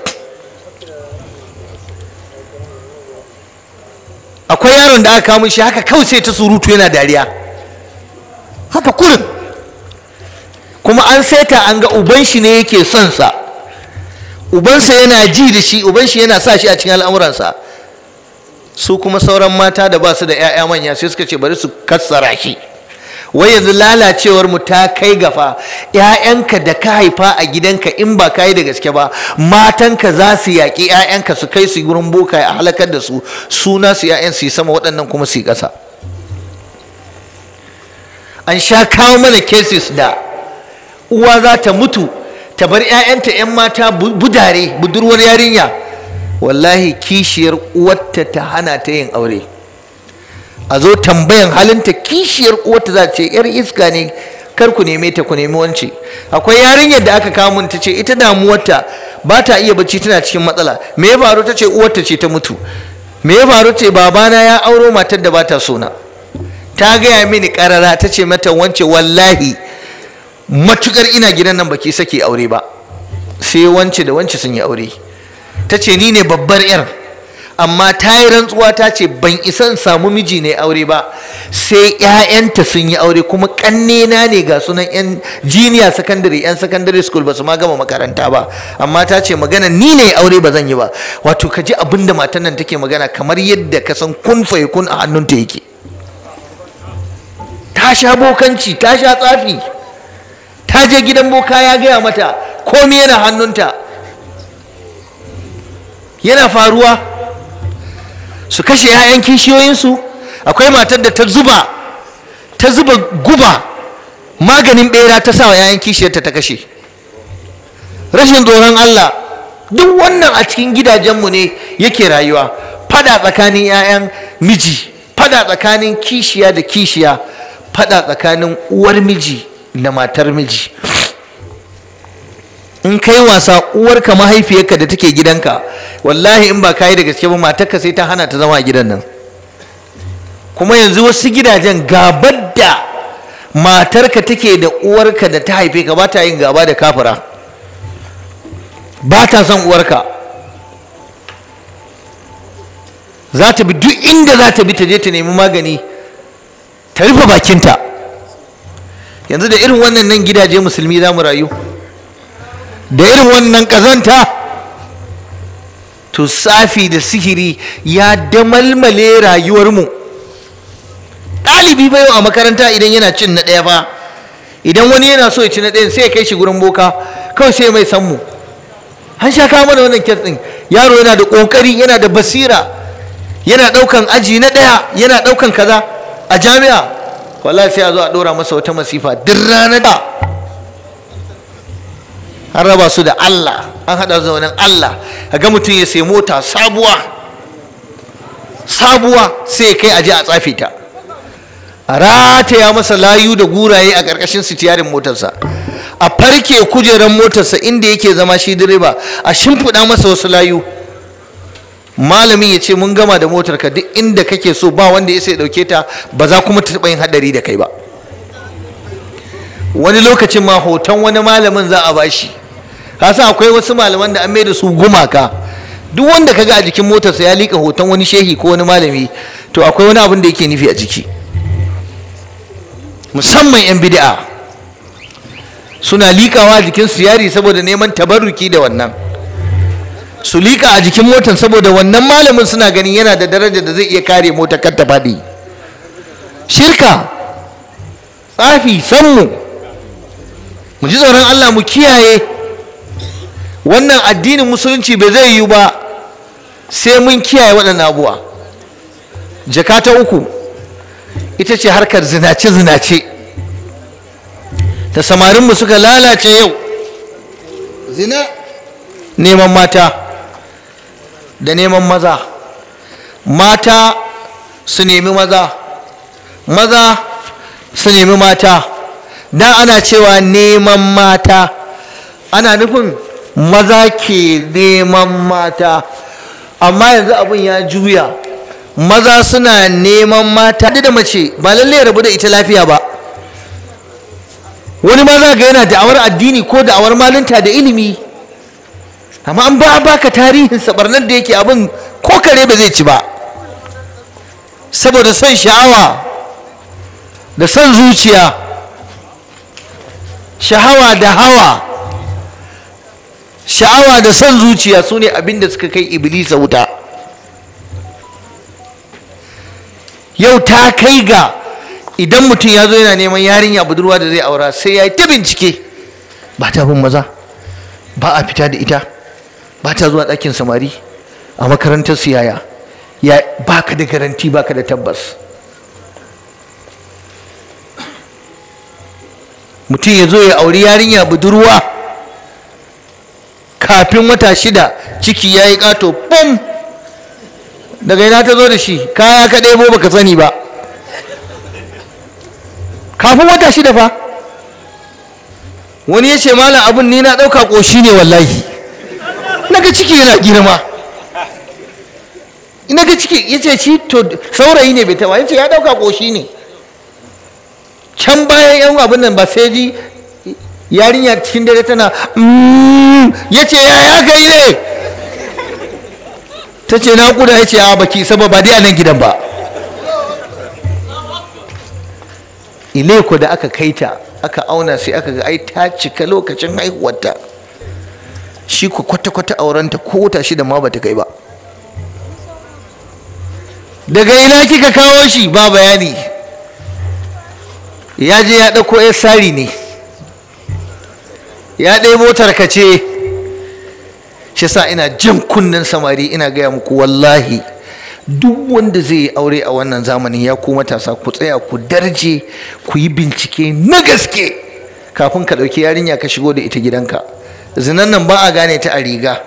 akwai yaron da aka kawo shi haka kawai sai ta surutu yana dariya haka kurin kuma an saita an ga uban shi ne yake son sa ubansa yana ji da shi uban shi yana sa shi a cikin al'amuransa su kuma sauran mata da ba su da 'ya'ya manya sai suka ce bari su kassara shi wai yanzu lalacewar mu ta kai gafa 'ya'yanka da ka haifa a gidanka in ba ka yi da gaske ba matanka za su yaƙi 'ya'yanka su kai su wurin boka a halakar da su suna su 'ya'yan su yi sama waɗannan kuma su yi ƙasa an sha kawo mana cases da uwa za ta mutu ta bar 'ya'yanta 'yan mata budare budurwar yarinya wallahi kishiyar uwarta ta hana ta yin aure a zo tambayan halinta kishiyar uwarta za ce 'yar iska ne kar ku neme ta ku nemi wance akwai yarinyar da aka kawo ta ce ita damuwarta ba ta iya bacci tana cikin matsala me ya faru ta ce uwarta ce ta mutu me ya faru ce babana ya auro matar da ba ta so ta gaya mini karara ta ce mata wance wallahi matukar ina gidan nan baki saki aure ba sai wance da wance sun yi aure ta ce ni ne babbar yar amma ta yi rantsuwa ta ce ban isa in samu miji ne aure ba sai 'ya'yanta sun yi aure kuma ƙannena ne ga sunan 'yan jiniya sakandare 'yan sakandare school ba su ma gama makaranta ba amma ta ce magana ni ne aure ba zan yi ba wato ka ji abin da matan nan take magana kamar yadda ka san kun faye kun a hannunta yake Tasha sha bokanci ta sha tsafi ta je gidan boka ya gaya mata komi yana hannunta yana faruwa su kashe 'ya'yan kishiyoyinsu akwai matar da ta zuba ta zuba guba maganin bera ta sa wa 'ya'yan kishiyarta ta kashe rashin tsoron allah duk wannan a cikin gidajenmu ne yake rayuwa fada tsakanin 'ya'yan miji fada tsakanin kishiya da kishiya faɗa tsakanin uwar miji da matar miji in kai wasa uwarka mahaifiyarka da take gidanka wallahi in ba kayi da gaske ba matarka sai ta hana ta zama a gidan nan kuma yanzu wasu gidajen gabar da matarka take da uwarka da ta haife ka ba ta yin gaba da kafira ba ta son uwarka za ta bi duk inda za ta bi ta je ta nemi magani ta rufe bakinta yanzu da irin wannan nan gidaje musulmi za mu rayu da irin wannan kazanta, to safi da sihiri ya damalmale rayuwarmu ɗalibi bai a makaranta idan yana cin na ɗaya ba idan wani yana so ya ci na ɗaya, sai ya kai shi gurin boka kawai sai mai san mu an sha kawo mana wannan kes ɗin yaro yana da ƙoƙari yana da basira yana ɗaukan aji na ɗaya yana ɗaukan kaza a jami'a wallahi sai a zo a dora masa wata masifa duk ranar da an raba su da Allah an haɗa su da Allah ga mutum ya sai mota sabuwa sabuwa sai kai aje a tsafe ta a rataya masa layu da guraye a ƙarƙashin sitiyarin motarsa a farke kujerar motarsa inda yake zama shi direba a shimfiɗa masa wasu layu malamin ya ce mun gama da motar ka duk inda kake so ba wanda ya sai dauke ta ba za kuma ta taɓa yin hadari da kai ba wani lokacin ma hoton wani malamin za a bashi kasan akwai wasu malaman da an mai da su gumaka duk wanda kaga a jikin motarsa ya lika hoton wani shehi ko wani malami to akwai wani abin da yake nufi a jiki musamman 'yan bid'a suna liƙawa jikin su yari saboda neman tabarruki da wannan su liƙa a jikin motar saboda wannan malamin suna ganin yana da daraja da zai iya kare mota kar ta faɗi shirka tsafi sanmu mu ji tsoron Allah mu kiyaye wannan addinin musulunci bai zai yiwu ba sai mun kiyaye waɗannan abuwa jaka ta uku ita ce harkar zinace-zinace ta samarinmu suka lalace yau zina neman mata da neman maza mata su nemi maza maza su nemi mata da ana cewa neman mata ana nufin maza ke neman mata amma yanzu abin ya juya maza suna neman mata da mace ba lallai rabu da ita lafiya ba wani maza ga yana da'awar addini ko da'awar malinta da ilimi amma an ba baka tarihin sabarnar da yake abin ko kare ba zai ci ba saboda son sha'awa da son zuciya sha'awa da hawa sha'awa da son zuciya su ne abin da suka kai iblisa wuta yau ta kai ga idan mutum ya zo yana neman yarinya budurwa da zai aura sai ya yi ta bincike ba ta bin maza ba a fita da ita ba ta zuwa ɗakin samari a makarantar siyaya ya baka da garanti baka da tabbas mutum ya zo ya auri yarinya budurwa kafin wata shida ciki ya yi ƙato bum daga yana ta zo da shi kaya ka ɗebo baka sani ba kafin wata shida fa wani ya ce malam abin ni na ɗauka ƙoshi ne wallahi naga ciki yana girma naga ciki yace shi to saurayi ne bai taba yace ya dauka koshi ne can bayan yan abin nan ba sai ji yarinya cikin dare tana mm. yace ya ya kai ne ta ce na kuda yace a baki saboda ba dai a nan gidan ba ile da aka kaita aka auna sai aka ga ai ta cika lokacin haihuwarta shi ku kwata-kwata aurenta ko shi shida ma bata kai ba daga ina kika kawo shi ba bayani ya je ya ɗauko ya sari ne ya ɗaya motar ka ce shi sa ina jin kunnen samari ina gaya muku wallahi duk wanda zai yi aure a wannan zamanin ya ku matasa ku tsaya ku darje ku yi bincike na gaske kafin ka ɗauki yarinya ka shigo da ita gidanka zinan nan ba a gane ta a riga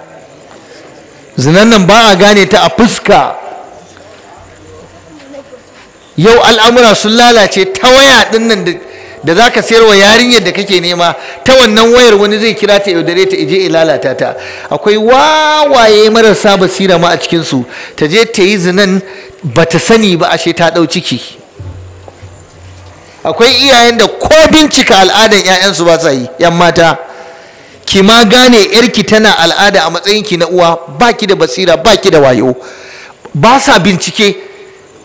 zinan nan ba a gane ta a fuska yau al'amura sun lalace ta waya din nan da za ka sayar wa yarinyar da kake nema ta wannan wayar wani zai kira ta yaudare ta ije lalata ta akwai wawaye marasa basira ma a cikinsu ta je ta yi zinan ba ta sani ba ashe ta ɗau ciki akwai iyayen da ko bincika al'adar 'ya'yansu ba sa yi 'yan mata ki ma gane yarki tana al'ada a matsayin ki na uwa baki da basira baki da wayo ba sa bincike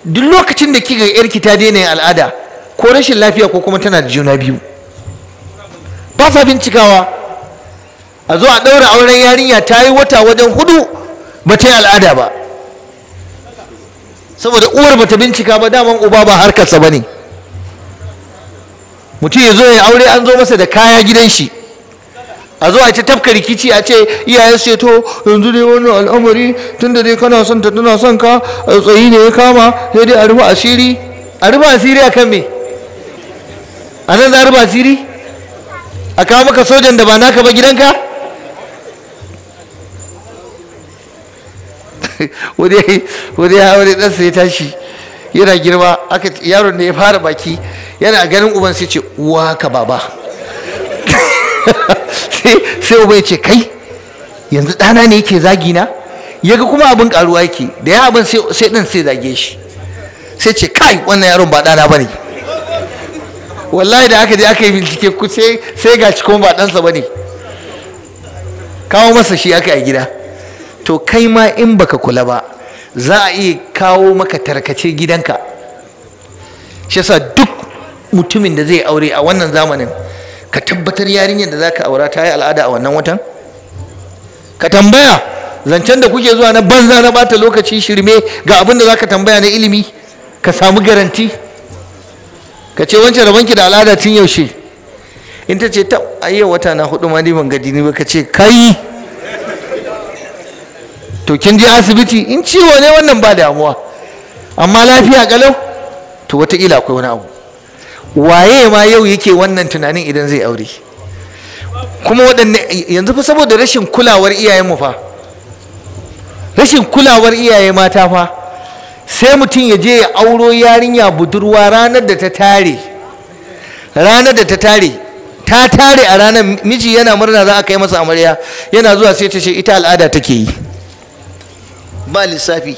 duk lokacin da kika yarki ta daina yin al'ada ko rashin lafiya ko kuma tana da juna biyu ba sa bincikawa a zo a ɗaura auren yarinya ta yi wata wajen hudu ba ta yi al'ada ba saboda uwar ba ta bincika ba daman uba ba harkarsa ba ne mutum ya zo ya aure an zo masa da kaya gidan shi a zo a ce tafka rikici a ce iyayen su to yanzu dai wannan al'amari tun da dai kana son ta tana son ka tsayi ne ya kama sai dai a rufe asiri a rufe asiri a kan me a nan za a rufe asiri a kawo maka sojan da ba naka ba gidanka *laughs* wani ya wani ɗansa ya tashi yana girma aka yaron da ya fara baki yana ganin uban sai ce uwa ka baba *laughs* sai uba ya ce kai yanzu ɗana ne yake zagina, ya ga kuma abin ƙaruwa yake da ya abin sai ɗin sai zage shi sai ce kai wannan yaron ba ɗana ba ne wallahi da aka je aka yi bincike ku sai ga ci kuma ba ɗansa ba ne kawo masa shi aka yi gida to kai ma in baka kula ba za a iya kawo maka tarkace gidanka shi yasa duk mutumin da zai aure a wannan zamanin ka tabbatar yarinyar da za ka aura ta yi al'ada a wannan watan ka tambaya zancen da kuke zuwa na banza na bata lokaci shirme ga abin da ka tambaya na ilimi ka samu garanti ka ce wancan banki da al'ada tun yaushe in ta ce ta ayya wata na hudu ma ni ban gadi ni ba ka ce kai to kin je asibiti in ciwo ne wannan ba damuwa amma lafiya kalau to wata ila akwai wani abu waye ma yau yake wannan tunanin idan zai aure kuma waɗanne yanzu fa saboda rashin kulawar iyayenmu fa rashin kulawar iyaye mata fa sai mutum ya je ya auro yarinya budurwa ranar da ta tare ranar da ta tare ta tare a ranar miji yana murna za a kai masa amarya yana zuwa sai ta ce ita al'ada take yi ba lissafi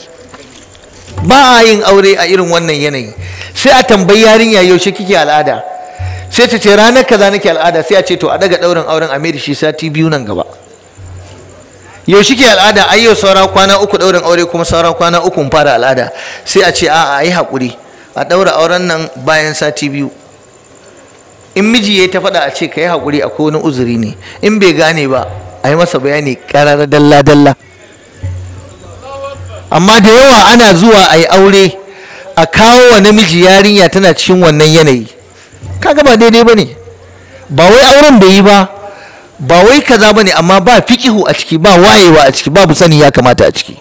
ba a yin aure a irin wannan yanayi sai a tambayi yarinya yaushe kike al'ada sai ta ce ranar kaza nake al'ada sai a ce to a daga daurin auren a mai shi sati biyu nan gaba yaushe ke al'ada ai yau saura kwana uku daurin aure kuma saura kwana uku fara al'ada sai a ce a a yi hakuri a daura auren nan bayan sati biyu in miji ya ta faɗa a ce ka yi hakuri ko wani uzuri ne in bai gane ba a yi masa bayani ƙarar dalla-dalla amma da yawa ana zuwa a yi aure a kawo wa namiji yarinya tana cikin wannan yanayi kaga ba daidai ba ne ba wai auren bai yi ba ba wai kaza ba ne amma ba fikihu a ciki ba wayewa a ciki babu sani ya kamata a ciki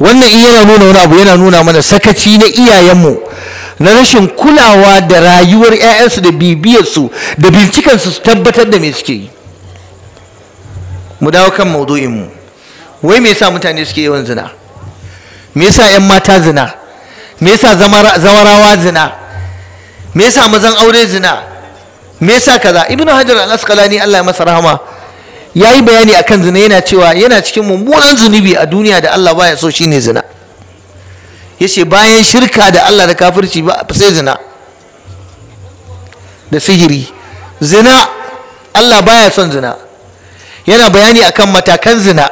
wannan in yana nuna wani abu yana nuna mana sakaci na iyayenmu na rashin kulawa da rayuwar 'ya'yansu da bibiyarsu da bincikansu su tabbatar da mai suke yi mu dawo kan maudu'inmu wai me yasa mutane suke yawan zina me yasa yan mata zina me yasa zawarawa zina me yasa mazan aure zina me yasa kaza ibnu hajar al-asqalani Allah ya masa rahama yayi bayani akan zina yana cewa yana cikin mummunan zunubi a duniya da Allah baya so shine zina yace bayan shirka da Allah da kafirci ba sai zina da sihiri zina Allah baya son zina yana bayani akan matakan zina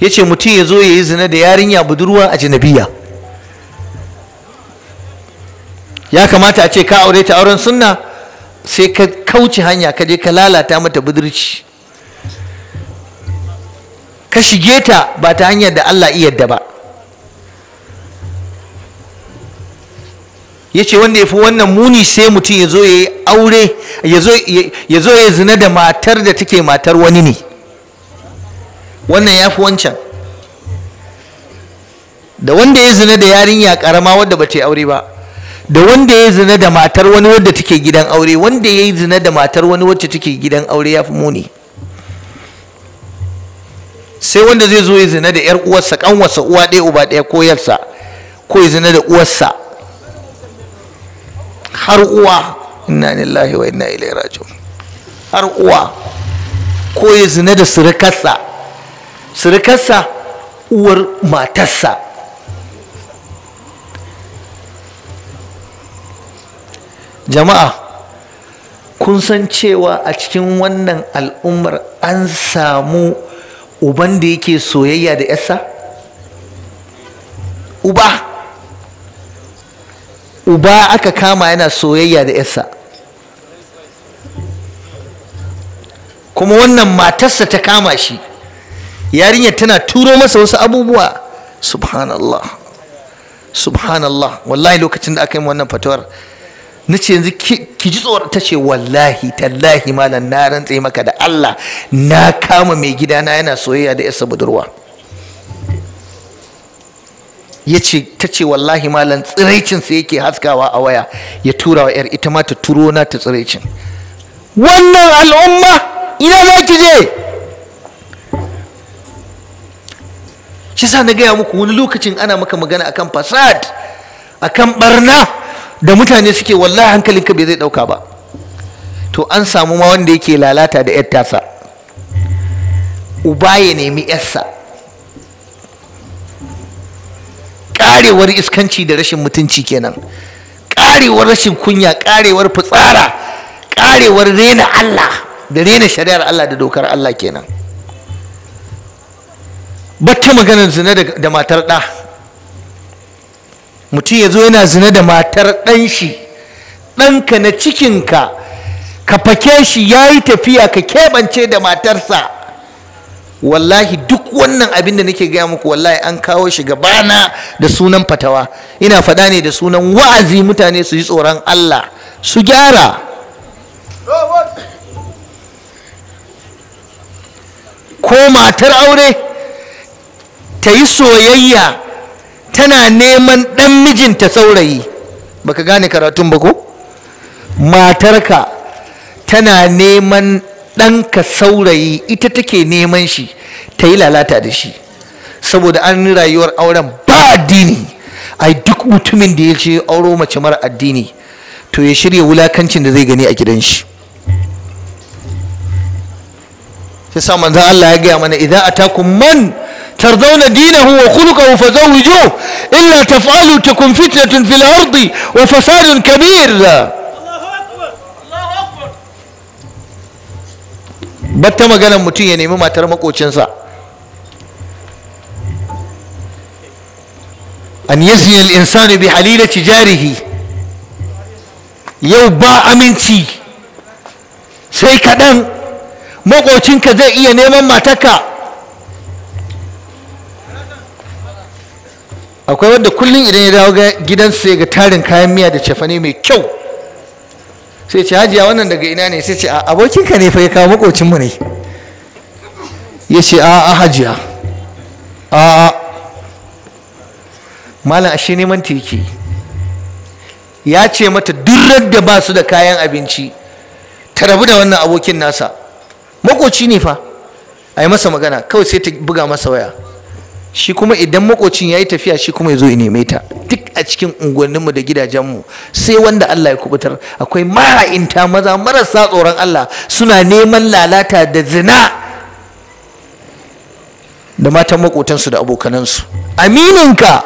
yace mutum ya zo ya yi zina da yarinya budurwa a janabiya ya kamata a ce ka aure ta auren sunna sai ka kauce hanya ka je ka lalata mata budurci ka shige ta ba ta hanyar da Allah iya yadda ba ya ce wanda ya fi wannan muni sai mutum ya zo ya yi aure ya zo ya zina da matar da take matar wani ne wannan ya fi wancan da wanda ya zina da yarinya karama wadda bata yi aure ba da wanda ya zina da matar wani wadda take gidan aure wanda ya yi zina da matar wani wacce take gidan aure ya fi muni sai wanda zai zo ya zina da yar uwarsa kanwarsa uwa ɗaya uba ɗaya ko yarsa ko ya zina da uwarsa har uwa inna lillahi wa inna ilaihi raji'un har uwa ko ya zina da surukarsa surukarsa uwar matarsa jama'a kun san cewa a cikin wannan al'ummar an samu uban da yake soyayya da yasa uba uba aka kama yana soyayya da yasa kuma wannan matarsa ta kama shi yarinyar tana turo masa wasu abubuwa subhanallah subhanallah wallahi lokacin da aka yi wannan fatawar na ce yanzu ki ji tsoron ta ce wallahi tallahi malam na rantse maka da Allah na kama mai na yana soyayya da yasa budurwa ya ce ta ce wallahi malam tsiraicin sa yake haskawa a waya ya tura wa yar ita ma ta turo na ta tsiraicin wannan al'umma ina za ki je shi sa na gaya muku wani lokacin ana maka magana akan fasad akan barna da mutane suke wallahi hankalinka bai zai dauka ba to an samu ma wanda yake lalata da yar tasa uba ya nemi yarsa karewar iskanci da rashin mutunci kenan karewar rashin kunya karewar fitsara karewar rena Allah da rena shari'ar Allah da dokar Allah kenan bacci maganar zina da matar ɗa mutum ya zo yana zina da matar ɗan shi ɗanka na cikinka ka fake shi ya yi tafiya ka keɓance da matarsa wallahi duk wannan abin da nake gaya muku wallahi an kawo shi gabana da sunan fatawa ina faɗa ne da sunan wa'azi mutane su yi tsoron allah su gyara ko matar aure ta yi soyayya tana neman ɗan mijinta saurayi ba ka gane karatun ba ko matarka tana neman ɗanka saurayi ita take neman shi ta yi lalata da shi saboda an rayuwar auren ba addini ai duk mutumin da ya ce auro mace mara addini to ya shirya wulakancin da zai gani a gidan shi yasa manzo Allah ya gaya mana idza atakum man tardawna dinahu wa khuluquhu fazawwijuhu illa taf'alu takun fitnatun fil ardi wa fasadun kabir batta maganar mutum ya nemi matar makocinsa an yazni al-insanu bi halilati jarihi yau ba aminci sai kaɗan makocinka zai iya neman mataka. akwai wadda kullum idan ya dawo gidansu sai ga tarin kayan miya da cefane mai kyau sai ce hajiya wannan daga ina ne sai ce a abokinka ne fa ya kawo makocinmu ne ya ce a a hajiya a a malam ashe neman teke ya ce mata duk da ba su da kayan abinci ta rabu da wannan abokin nasa makoci ne fa a yi masa magana kawai sai ta buga masa waya shi kuma idan makocin ya yi tafiya shi kuma ya zo ya neme ta duk a cikin unguwanninmu da gidajenmu sai wanda Allah ya kubutar akwai maha'inta maza marasa tsoron Allah suna neman lalata da zina da matan makotansu da abokanansu amininka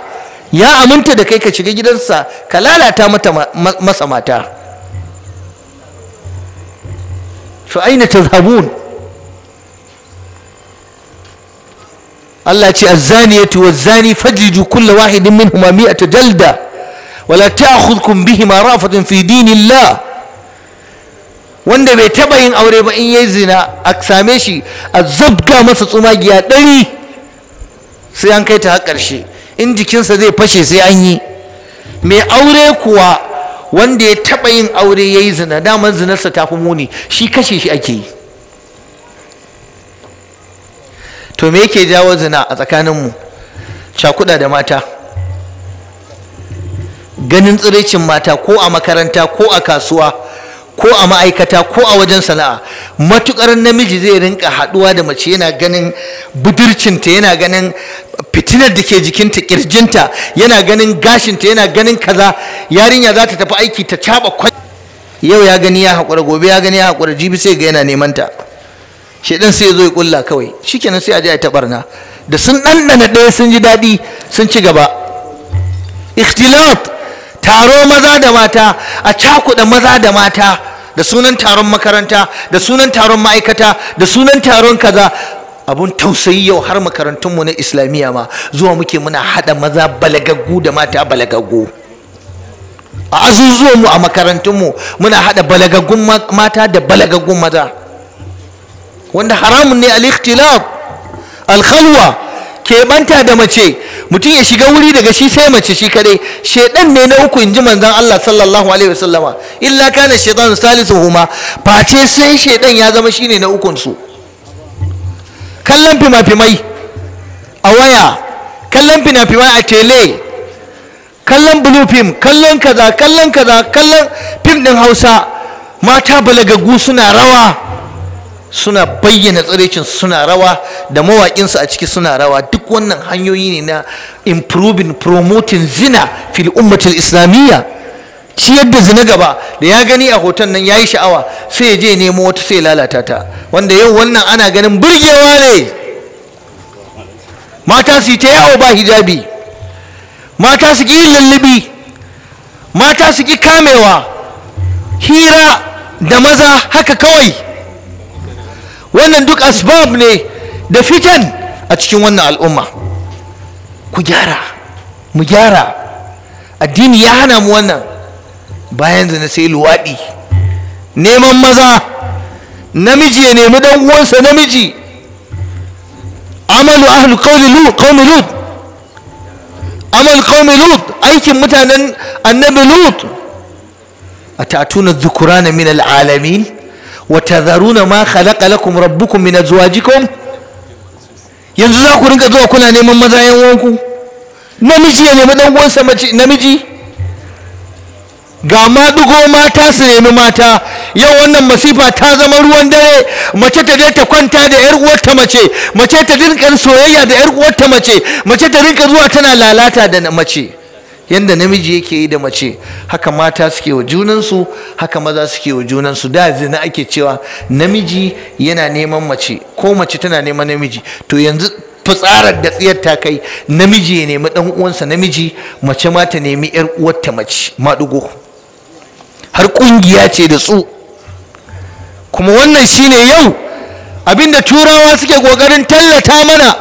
ya aminta da kai ka shiga gidansa ka lalata mata masa mata fa aina tazhabun Allah ce azzaniyatu wazzani fajliju kulla wahidin minhuma mi'ata jalda wala ta'khudhukum bihima rafatun fi dinillah wanda bai taba yin aure ba in yayi zina a same shi a zabga masa tsumagiya ɗari sai an kai ta har ƙarshe in jikinsa zai fashe sai an yi mai aure kuwa wanda ya taba yin aure yayi zina daman zinarsa ta fi muni shi kashe shi ake yi to me yake jawo zina a tsakaninmu cakuɗa da mata ganin tsiraicin mata ko a makaranta ko a kasuwa ko a ma'aikata ko a wajen sana'a matukar namiji zai rinka haɗuwa da mace yana ganin budurcinta yana ganin fitinar da ke jikinta kirjinta yana ganin gashinta yana ganin kaza yarinya za ta tafi aiki ta caba kwan yau ya gani ya haƙura gobe ya gani ya haƙura jibi sai ga yana neman ta shedan sai ya zo ya kulla kawai shikenan sai a je a tabarna da sun ɗanɗana ɗaya sun ji daɗi sun ci gaba ikhtilat taro maza da mata a cakuɗa maza da mata da sunan taron makaranta da sunan taron ma'aikata da sunan taron kaza abun tausayi yau har makarantunmu na islamiyya ma zuwa muke muna haɗa maza balagaggu da mata balagaggu a azuzuwanmu a makarantunmu muna haɗa balagaggun mata da balagaggun maza wanda haramun ne al-ikhtilaf al-khalwa banta da mace mutum ya shiga wuri daga shi sai mace shi kaɗai, shedan ne na uku inji manzon Allah sallallahu alaihi wasallama illa kana shaytan salisuhuma face sai shedan ya zama shine na ukun su kallon fima-fimai a waya kallon fina-fimai a tele kallon blue film kallon kaza kallon kaza kallon fim din hausa mata balagaggu suna rawa suna bayyana tsiraicin suna rawa da mawaƙinsu a ciki suna rawa duk wannan hanyoyi ne na improving promoting zina fil ummatil islamiyya ciyar yadda zina gaba da ya gani a hoton nan ya yi sha'awa sai ya je nemo wata sai lalata ta wanda yau wannan ana ganin birgewa ne mata su yi ta yawo ba hijabi mata su ki yin lullubi mata su ki kamewa hira da maza haka kawai wannan duk asbab ne da fitan a cikin wannan al'umma ku gyara mu gyara addini ya hana mu wannan bayan zane sai luwaɗi neman maza namiji ya nemi dan uwansa namiji amalu ahlu qawmi lut amal qawmi lut aikin mutanen annabi lut atatuna dhukurana min alalamin wa tadharuna ma khalaqa lakum rabbukum min azwajikum yanzu za ku rinka zuwa kuna neman maza yan namiji ya nemi dan uwansa mace namiji ga maɗigo mata su nemi mata yau wannan masifa ta zama ruwan dare mace ta je ta kwanta da yar uwarta mace mace ta rinka soyayya da yar uwarta mace mace ta rinka zuwa tana lalata da mace yanda namiji yake yi da mace haka mata suke wa junansu haka maza suke wa junansu da zina ake cewa namiji yana neman mace ko mace tana neman namiji to yanzu fitsarar da tsiyar ta kai namiji ya nemi dan uwansa namiji mace ma ta nemi yar uwarta mace madugo har kungiya ce da su kuma wannan shine yau abinda turawa suke kokarin tallata mana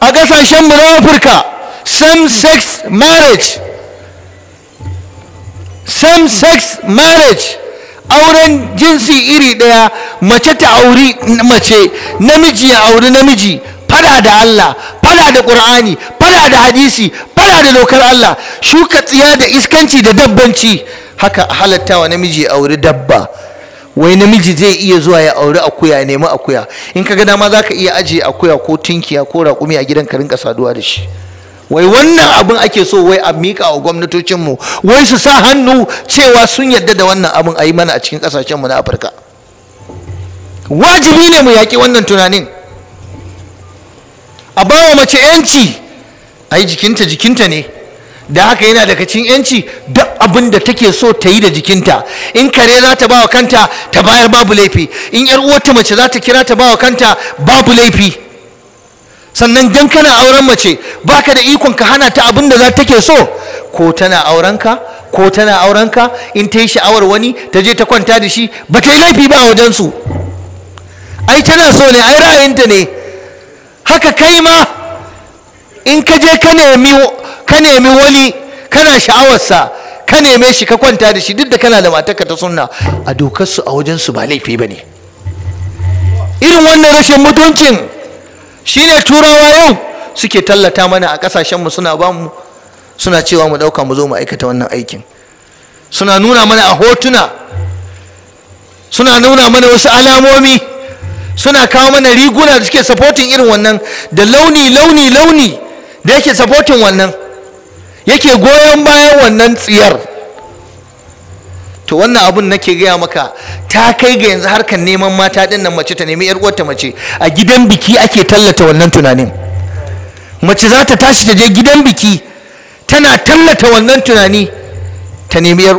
a kasashen mu na Afirka same sex marriage same sex marriage auren jinsi iri ɗaya mace ta auri mace namiji ya auri namiji fada da Allah fada da Qur'ani fada da hadisi fada da dokar Allah shuka tsiya da iskanci da dabbanci haka halatta wa namiji ya auri dabba wai namiji zai iya zuwa ya auri akuya ya nemi akuya in ka ga dama zaka iya ajiye akuya ko tinkiya ko raƙumi a gidan ka rinka saduwa da shi wai wannan abin ake so wai a mika wa gwamnatocinmu wai su sa hannu cewa sun yarda da wannan abin a yi mana a cikin ƙasashenmu na afirka wajibi ne mu yaƙi wannan tunanin a bawa mace 'yanci a yi jikinta jikinta ne da haka yana daga cikin 'yanci duk abin da take so ta yi da jikinta in kare za ta ba wa kanta ta bayar babu laifi in 'yar uwarta mace za ta kira ta ba wa kanta babu laifi sannan dan kana auren mace baka da ikon ka hana ta abin da za ta ke so ko tana aurenka ko tana aurenka in ta yi sha'awar wani ta je ta kwanta da shi ba ta yi laifi ba a wajensu ai tana so ne ai ra'ayinta ne haka kai ma in ka je ka nemi ka nemi wani kana sha'awarsa ka neme shi ka kwanta da shi duk da kana da matarka ta sunna a dokarsu a wajensu ba laifi ba ne irin wannan rashin mutuncin shine turawa yau suke tallata mana a ƙasashenmu suna ba mu suna cewa mu ɗauka mu zo mu aikata wannan aikin suna nuna mana a hotuna suna nuna mana wasu alamomi suna kawo mana riguna da suke supporting irin wannan da launi launi launi da yake supporting wannan yake goyon bayan wannan tsiyar to wannan abun nake gaya maka ta kai ga yanzu harkar neman mata din nan mace ta nemi yar mace a gidan biki ake tallata wannan tunanin mace za ta tashi ta je gidan biki tana tallata wannan tunani ta nemi yar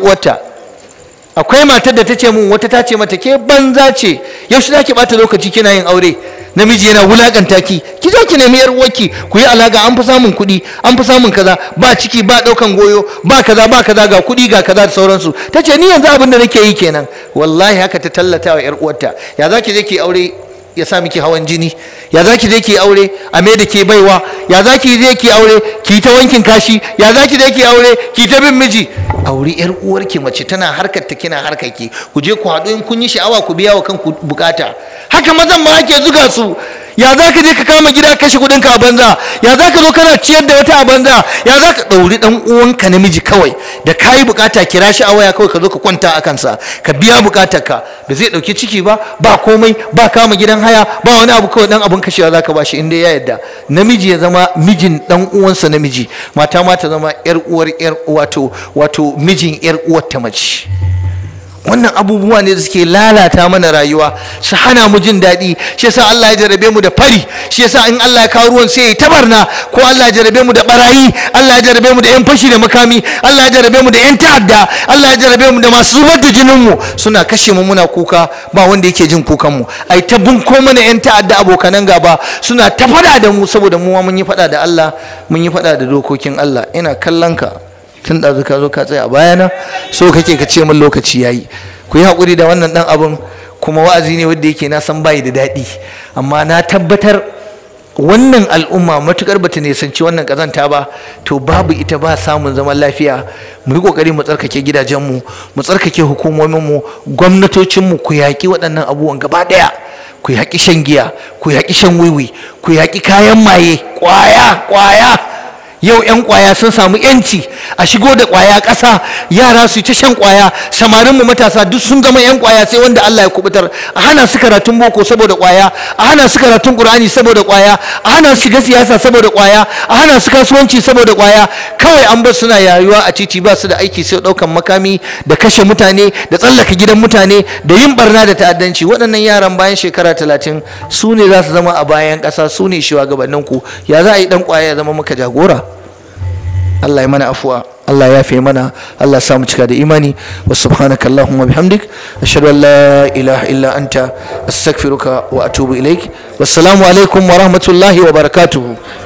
akwai matar da ta ce mun wata ta ce mata ke banza ce yaushe za ki bata lokaci kina yin aure namiji yana wulakanta ki ki zo ki nemi yar uwarki ku yi alaka an fi samun kuɗi an fi samun kaza ba ciki ba ɗaukan goyo ba kaza ba kaza ga kuɗi ga kaza da sauransu ta ce ni yanzu abin da nake yi kenan wallahi haka ta tallata wa yar uwarta ya za ki je ki aure ya sa miki hawan jini ya za ki ki aure a me da ke baiwa ya za ki ki aure ki ta wankin kashi ya za ki je aure ki ta bin miji auri yar uwarki mace tana harkar ta kina harkar ki ku je ku haɗu in kun yi sha'awa ku biya wa kanku bukata haka mazan ma ake zuga su ya za ka je ka kama gida kashe kudinka a banza ya za ka zo kana ciyar da wata a banza ya za ka ɗauri ɗan uwanka namiji kawai da ka yi bukata kira shi a waya kawai ka zo ka kwanta a kansa ka biya bukatar ka Ba zai ɗauki ciki ba ba komai ba kama gidan haya ba wani abu kawai ɗan abun kashewa za ka ba shi inda ya yadda namiji ya zama mijin ɗan uwansa namiji mata ma ta zama yar uwar yar wato wato mijin yar uwar ta mace wannan abubuwa ne da suke lalata mana rayuwa su hana mu jin daɗi shi yasa Allah ya jarabe mu da fari shi yasa in Allah ya kawo ruwan sai ya tabarna ko Allah ya jarabe mu da barayi Allah ya jarabe mu da yan fashi da makami Allah ya jarabe mu da yan ta'adda Allah ya jarabe mu da masu zubar da jinin mu suna kashe mu muna kuka ba wanda yake jin kukan mu ai ta ko mana yan ta'adda abokanan gaba suna ta fada da mu saboda mu mun yi fada da Allah mun yi fada da dokokin Allah ina kallon ka tun da ka zo ka tsaya a bayana so kake ka ce min lokaci yayi ku yi hakuri da wannan dan abun kuma wa'azi ne wanda yake na san bai da daɗi amma na tabbatar wannan al'umma matukar bata sanci wannan kazanta ba to babu ita ba samun zaman lafiya mu yi kokari mu tsarkake gidajenmu mu tsarkake hukumominmu gwamnatocinmu ku yaƙi waɗannan abubuwan gaba ɗaya ku yaƙi shan giya ku yaƙi shan wiwi ku yaƙi kayan maye ƙwaya ƙwaya yau 'yan kwaya sun samu 'yanci a shigo da kwaya ƙasa yara su ta shan samarin mu matasa duk sun zama 'yan kwaya sai wanda Allah ya kubutar a hana su karatun boko saboda kwaya a hana su karatun qur'ani saboda kwaya a hana su shiga siyasa saboda kwaya a hana su kasuwanci saboda kwaya kawai an bar suna yayuwa a titi ba su da aiki sai ɗaukan makami da kashe mutane da tsallaka gidan mutane da yin barna da ta'addanci waɗannan yaran bayan shekara talatin su ne za su zama a bayan ƙasa su ne shugabannin ku ya za a yi ɗan kwaya ya zama maka jagora Allah ya mana afuwa Allah ya fi mana Allah sa mu cika da imani wa subhanaka allahumma bihamdik ashhadu an la ilaha illa anta astaghfiruka wa atubu ilaik wassalamu alaikum wa rahmatullahi wa barakatuhu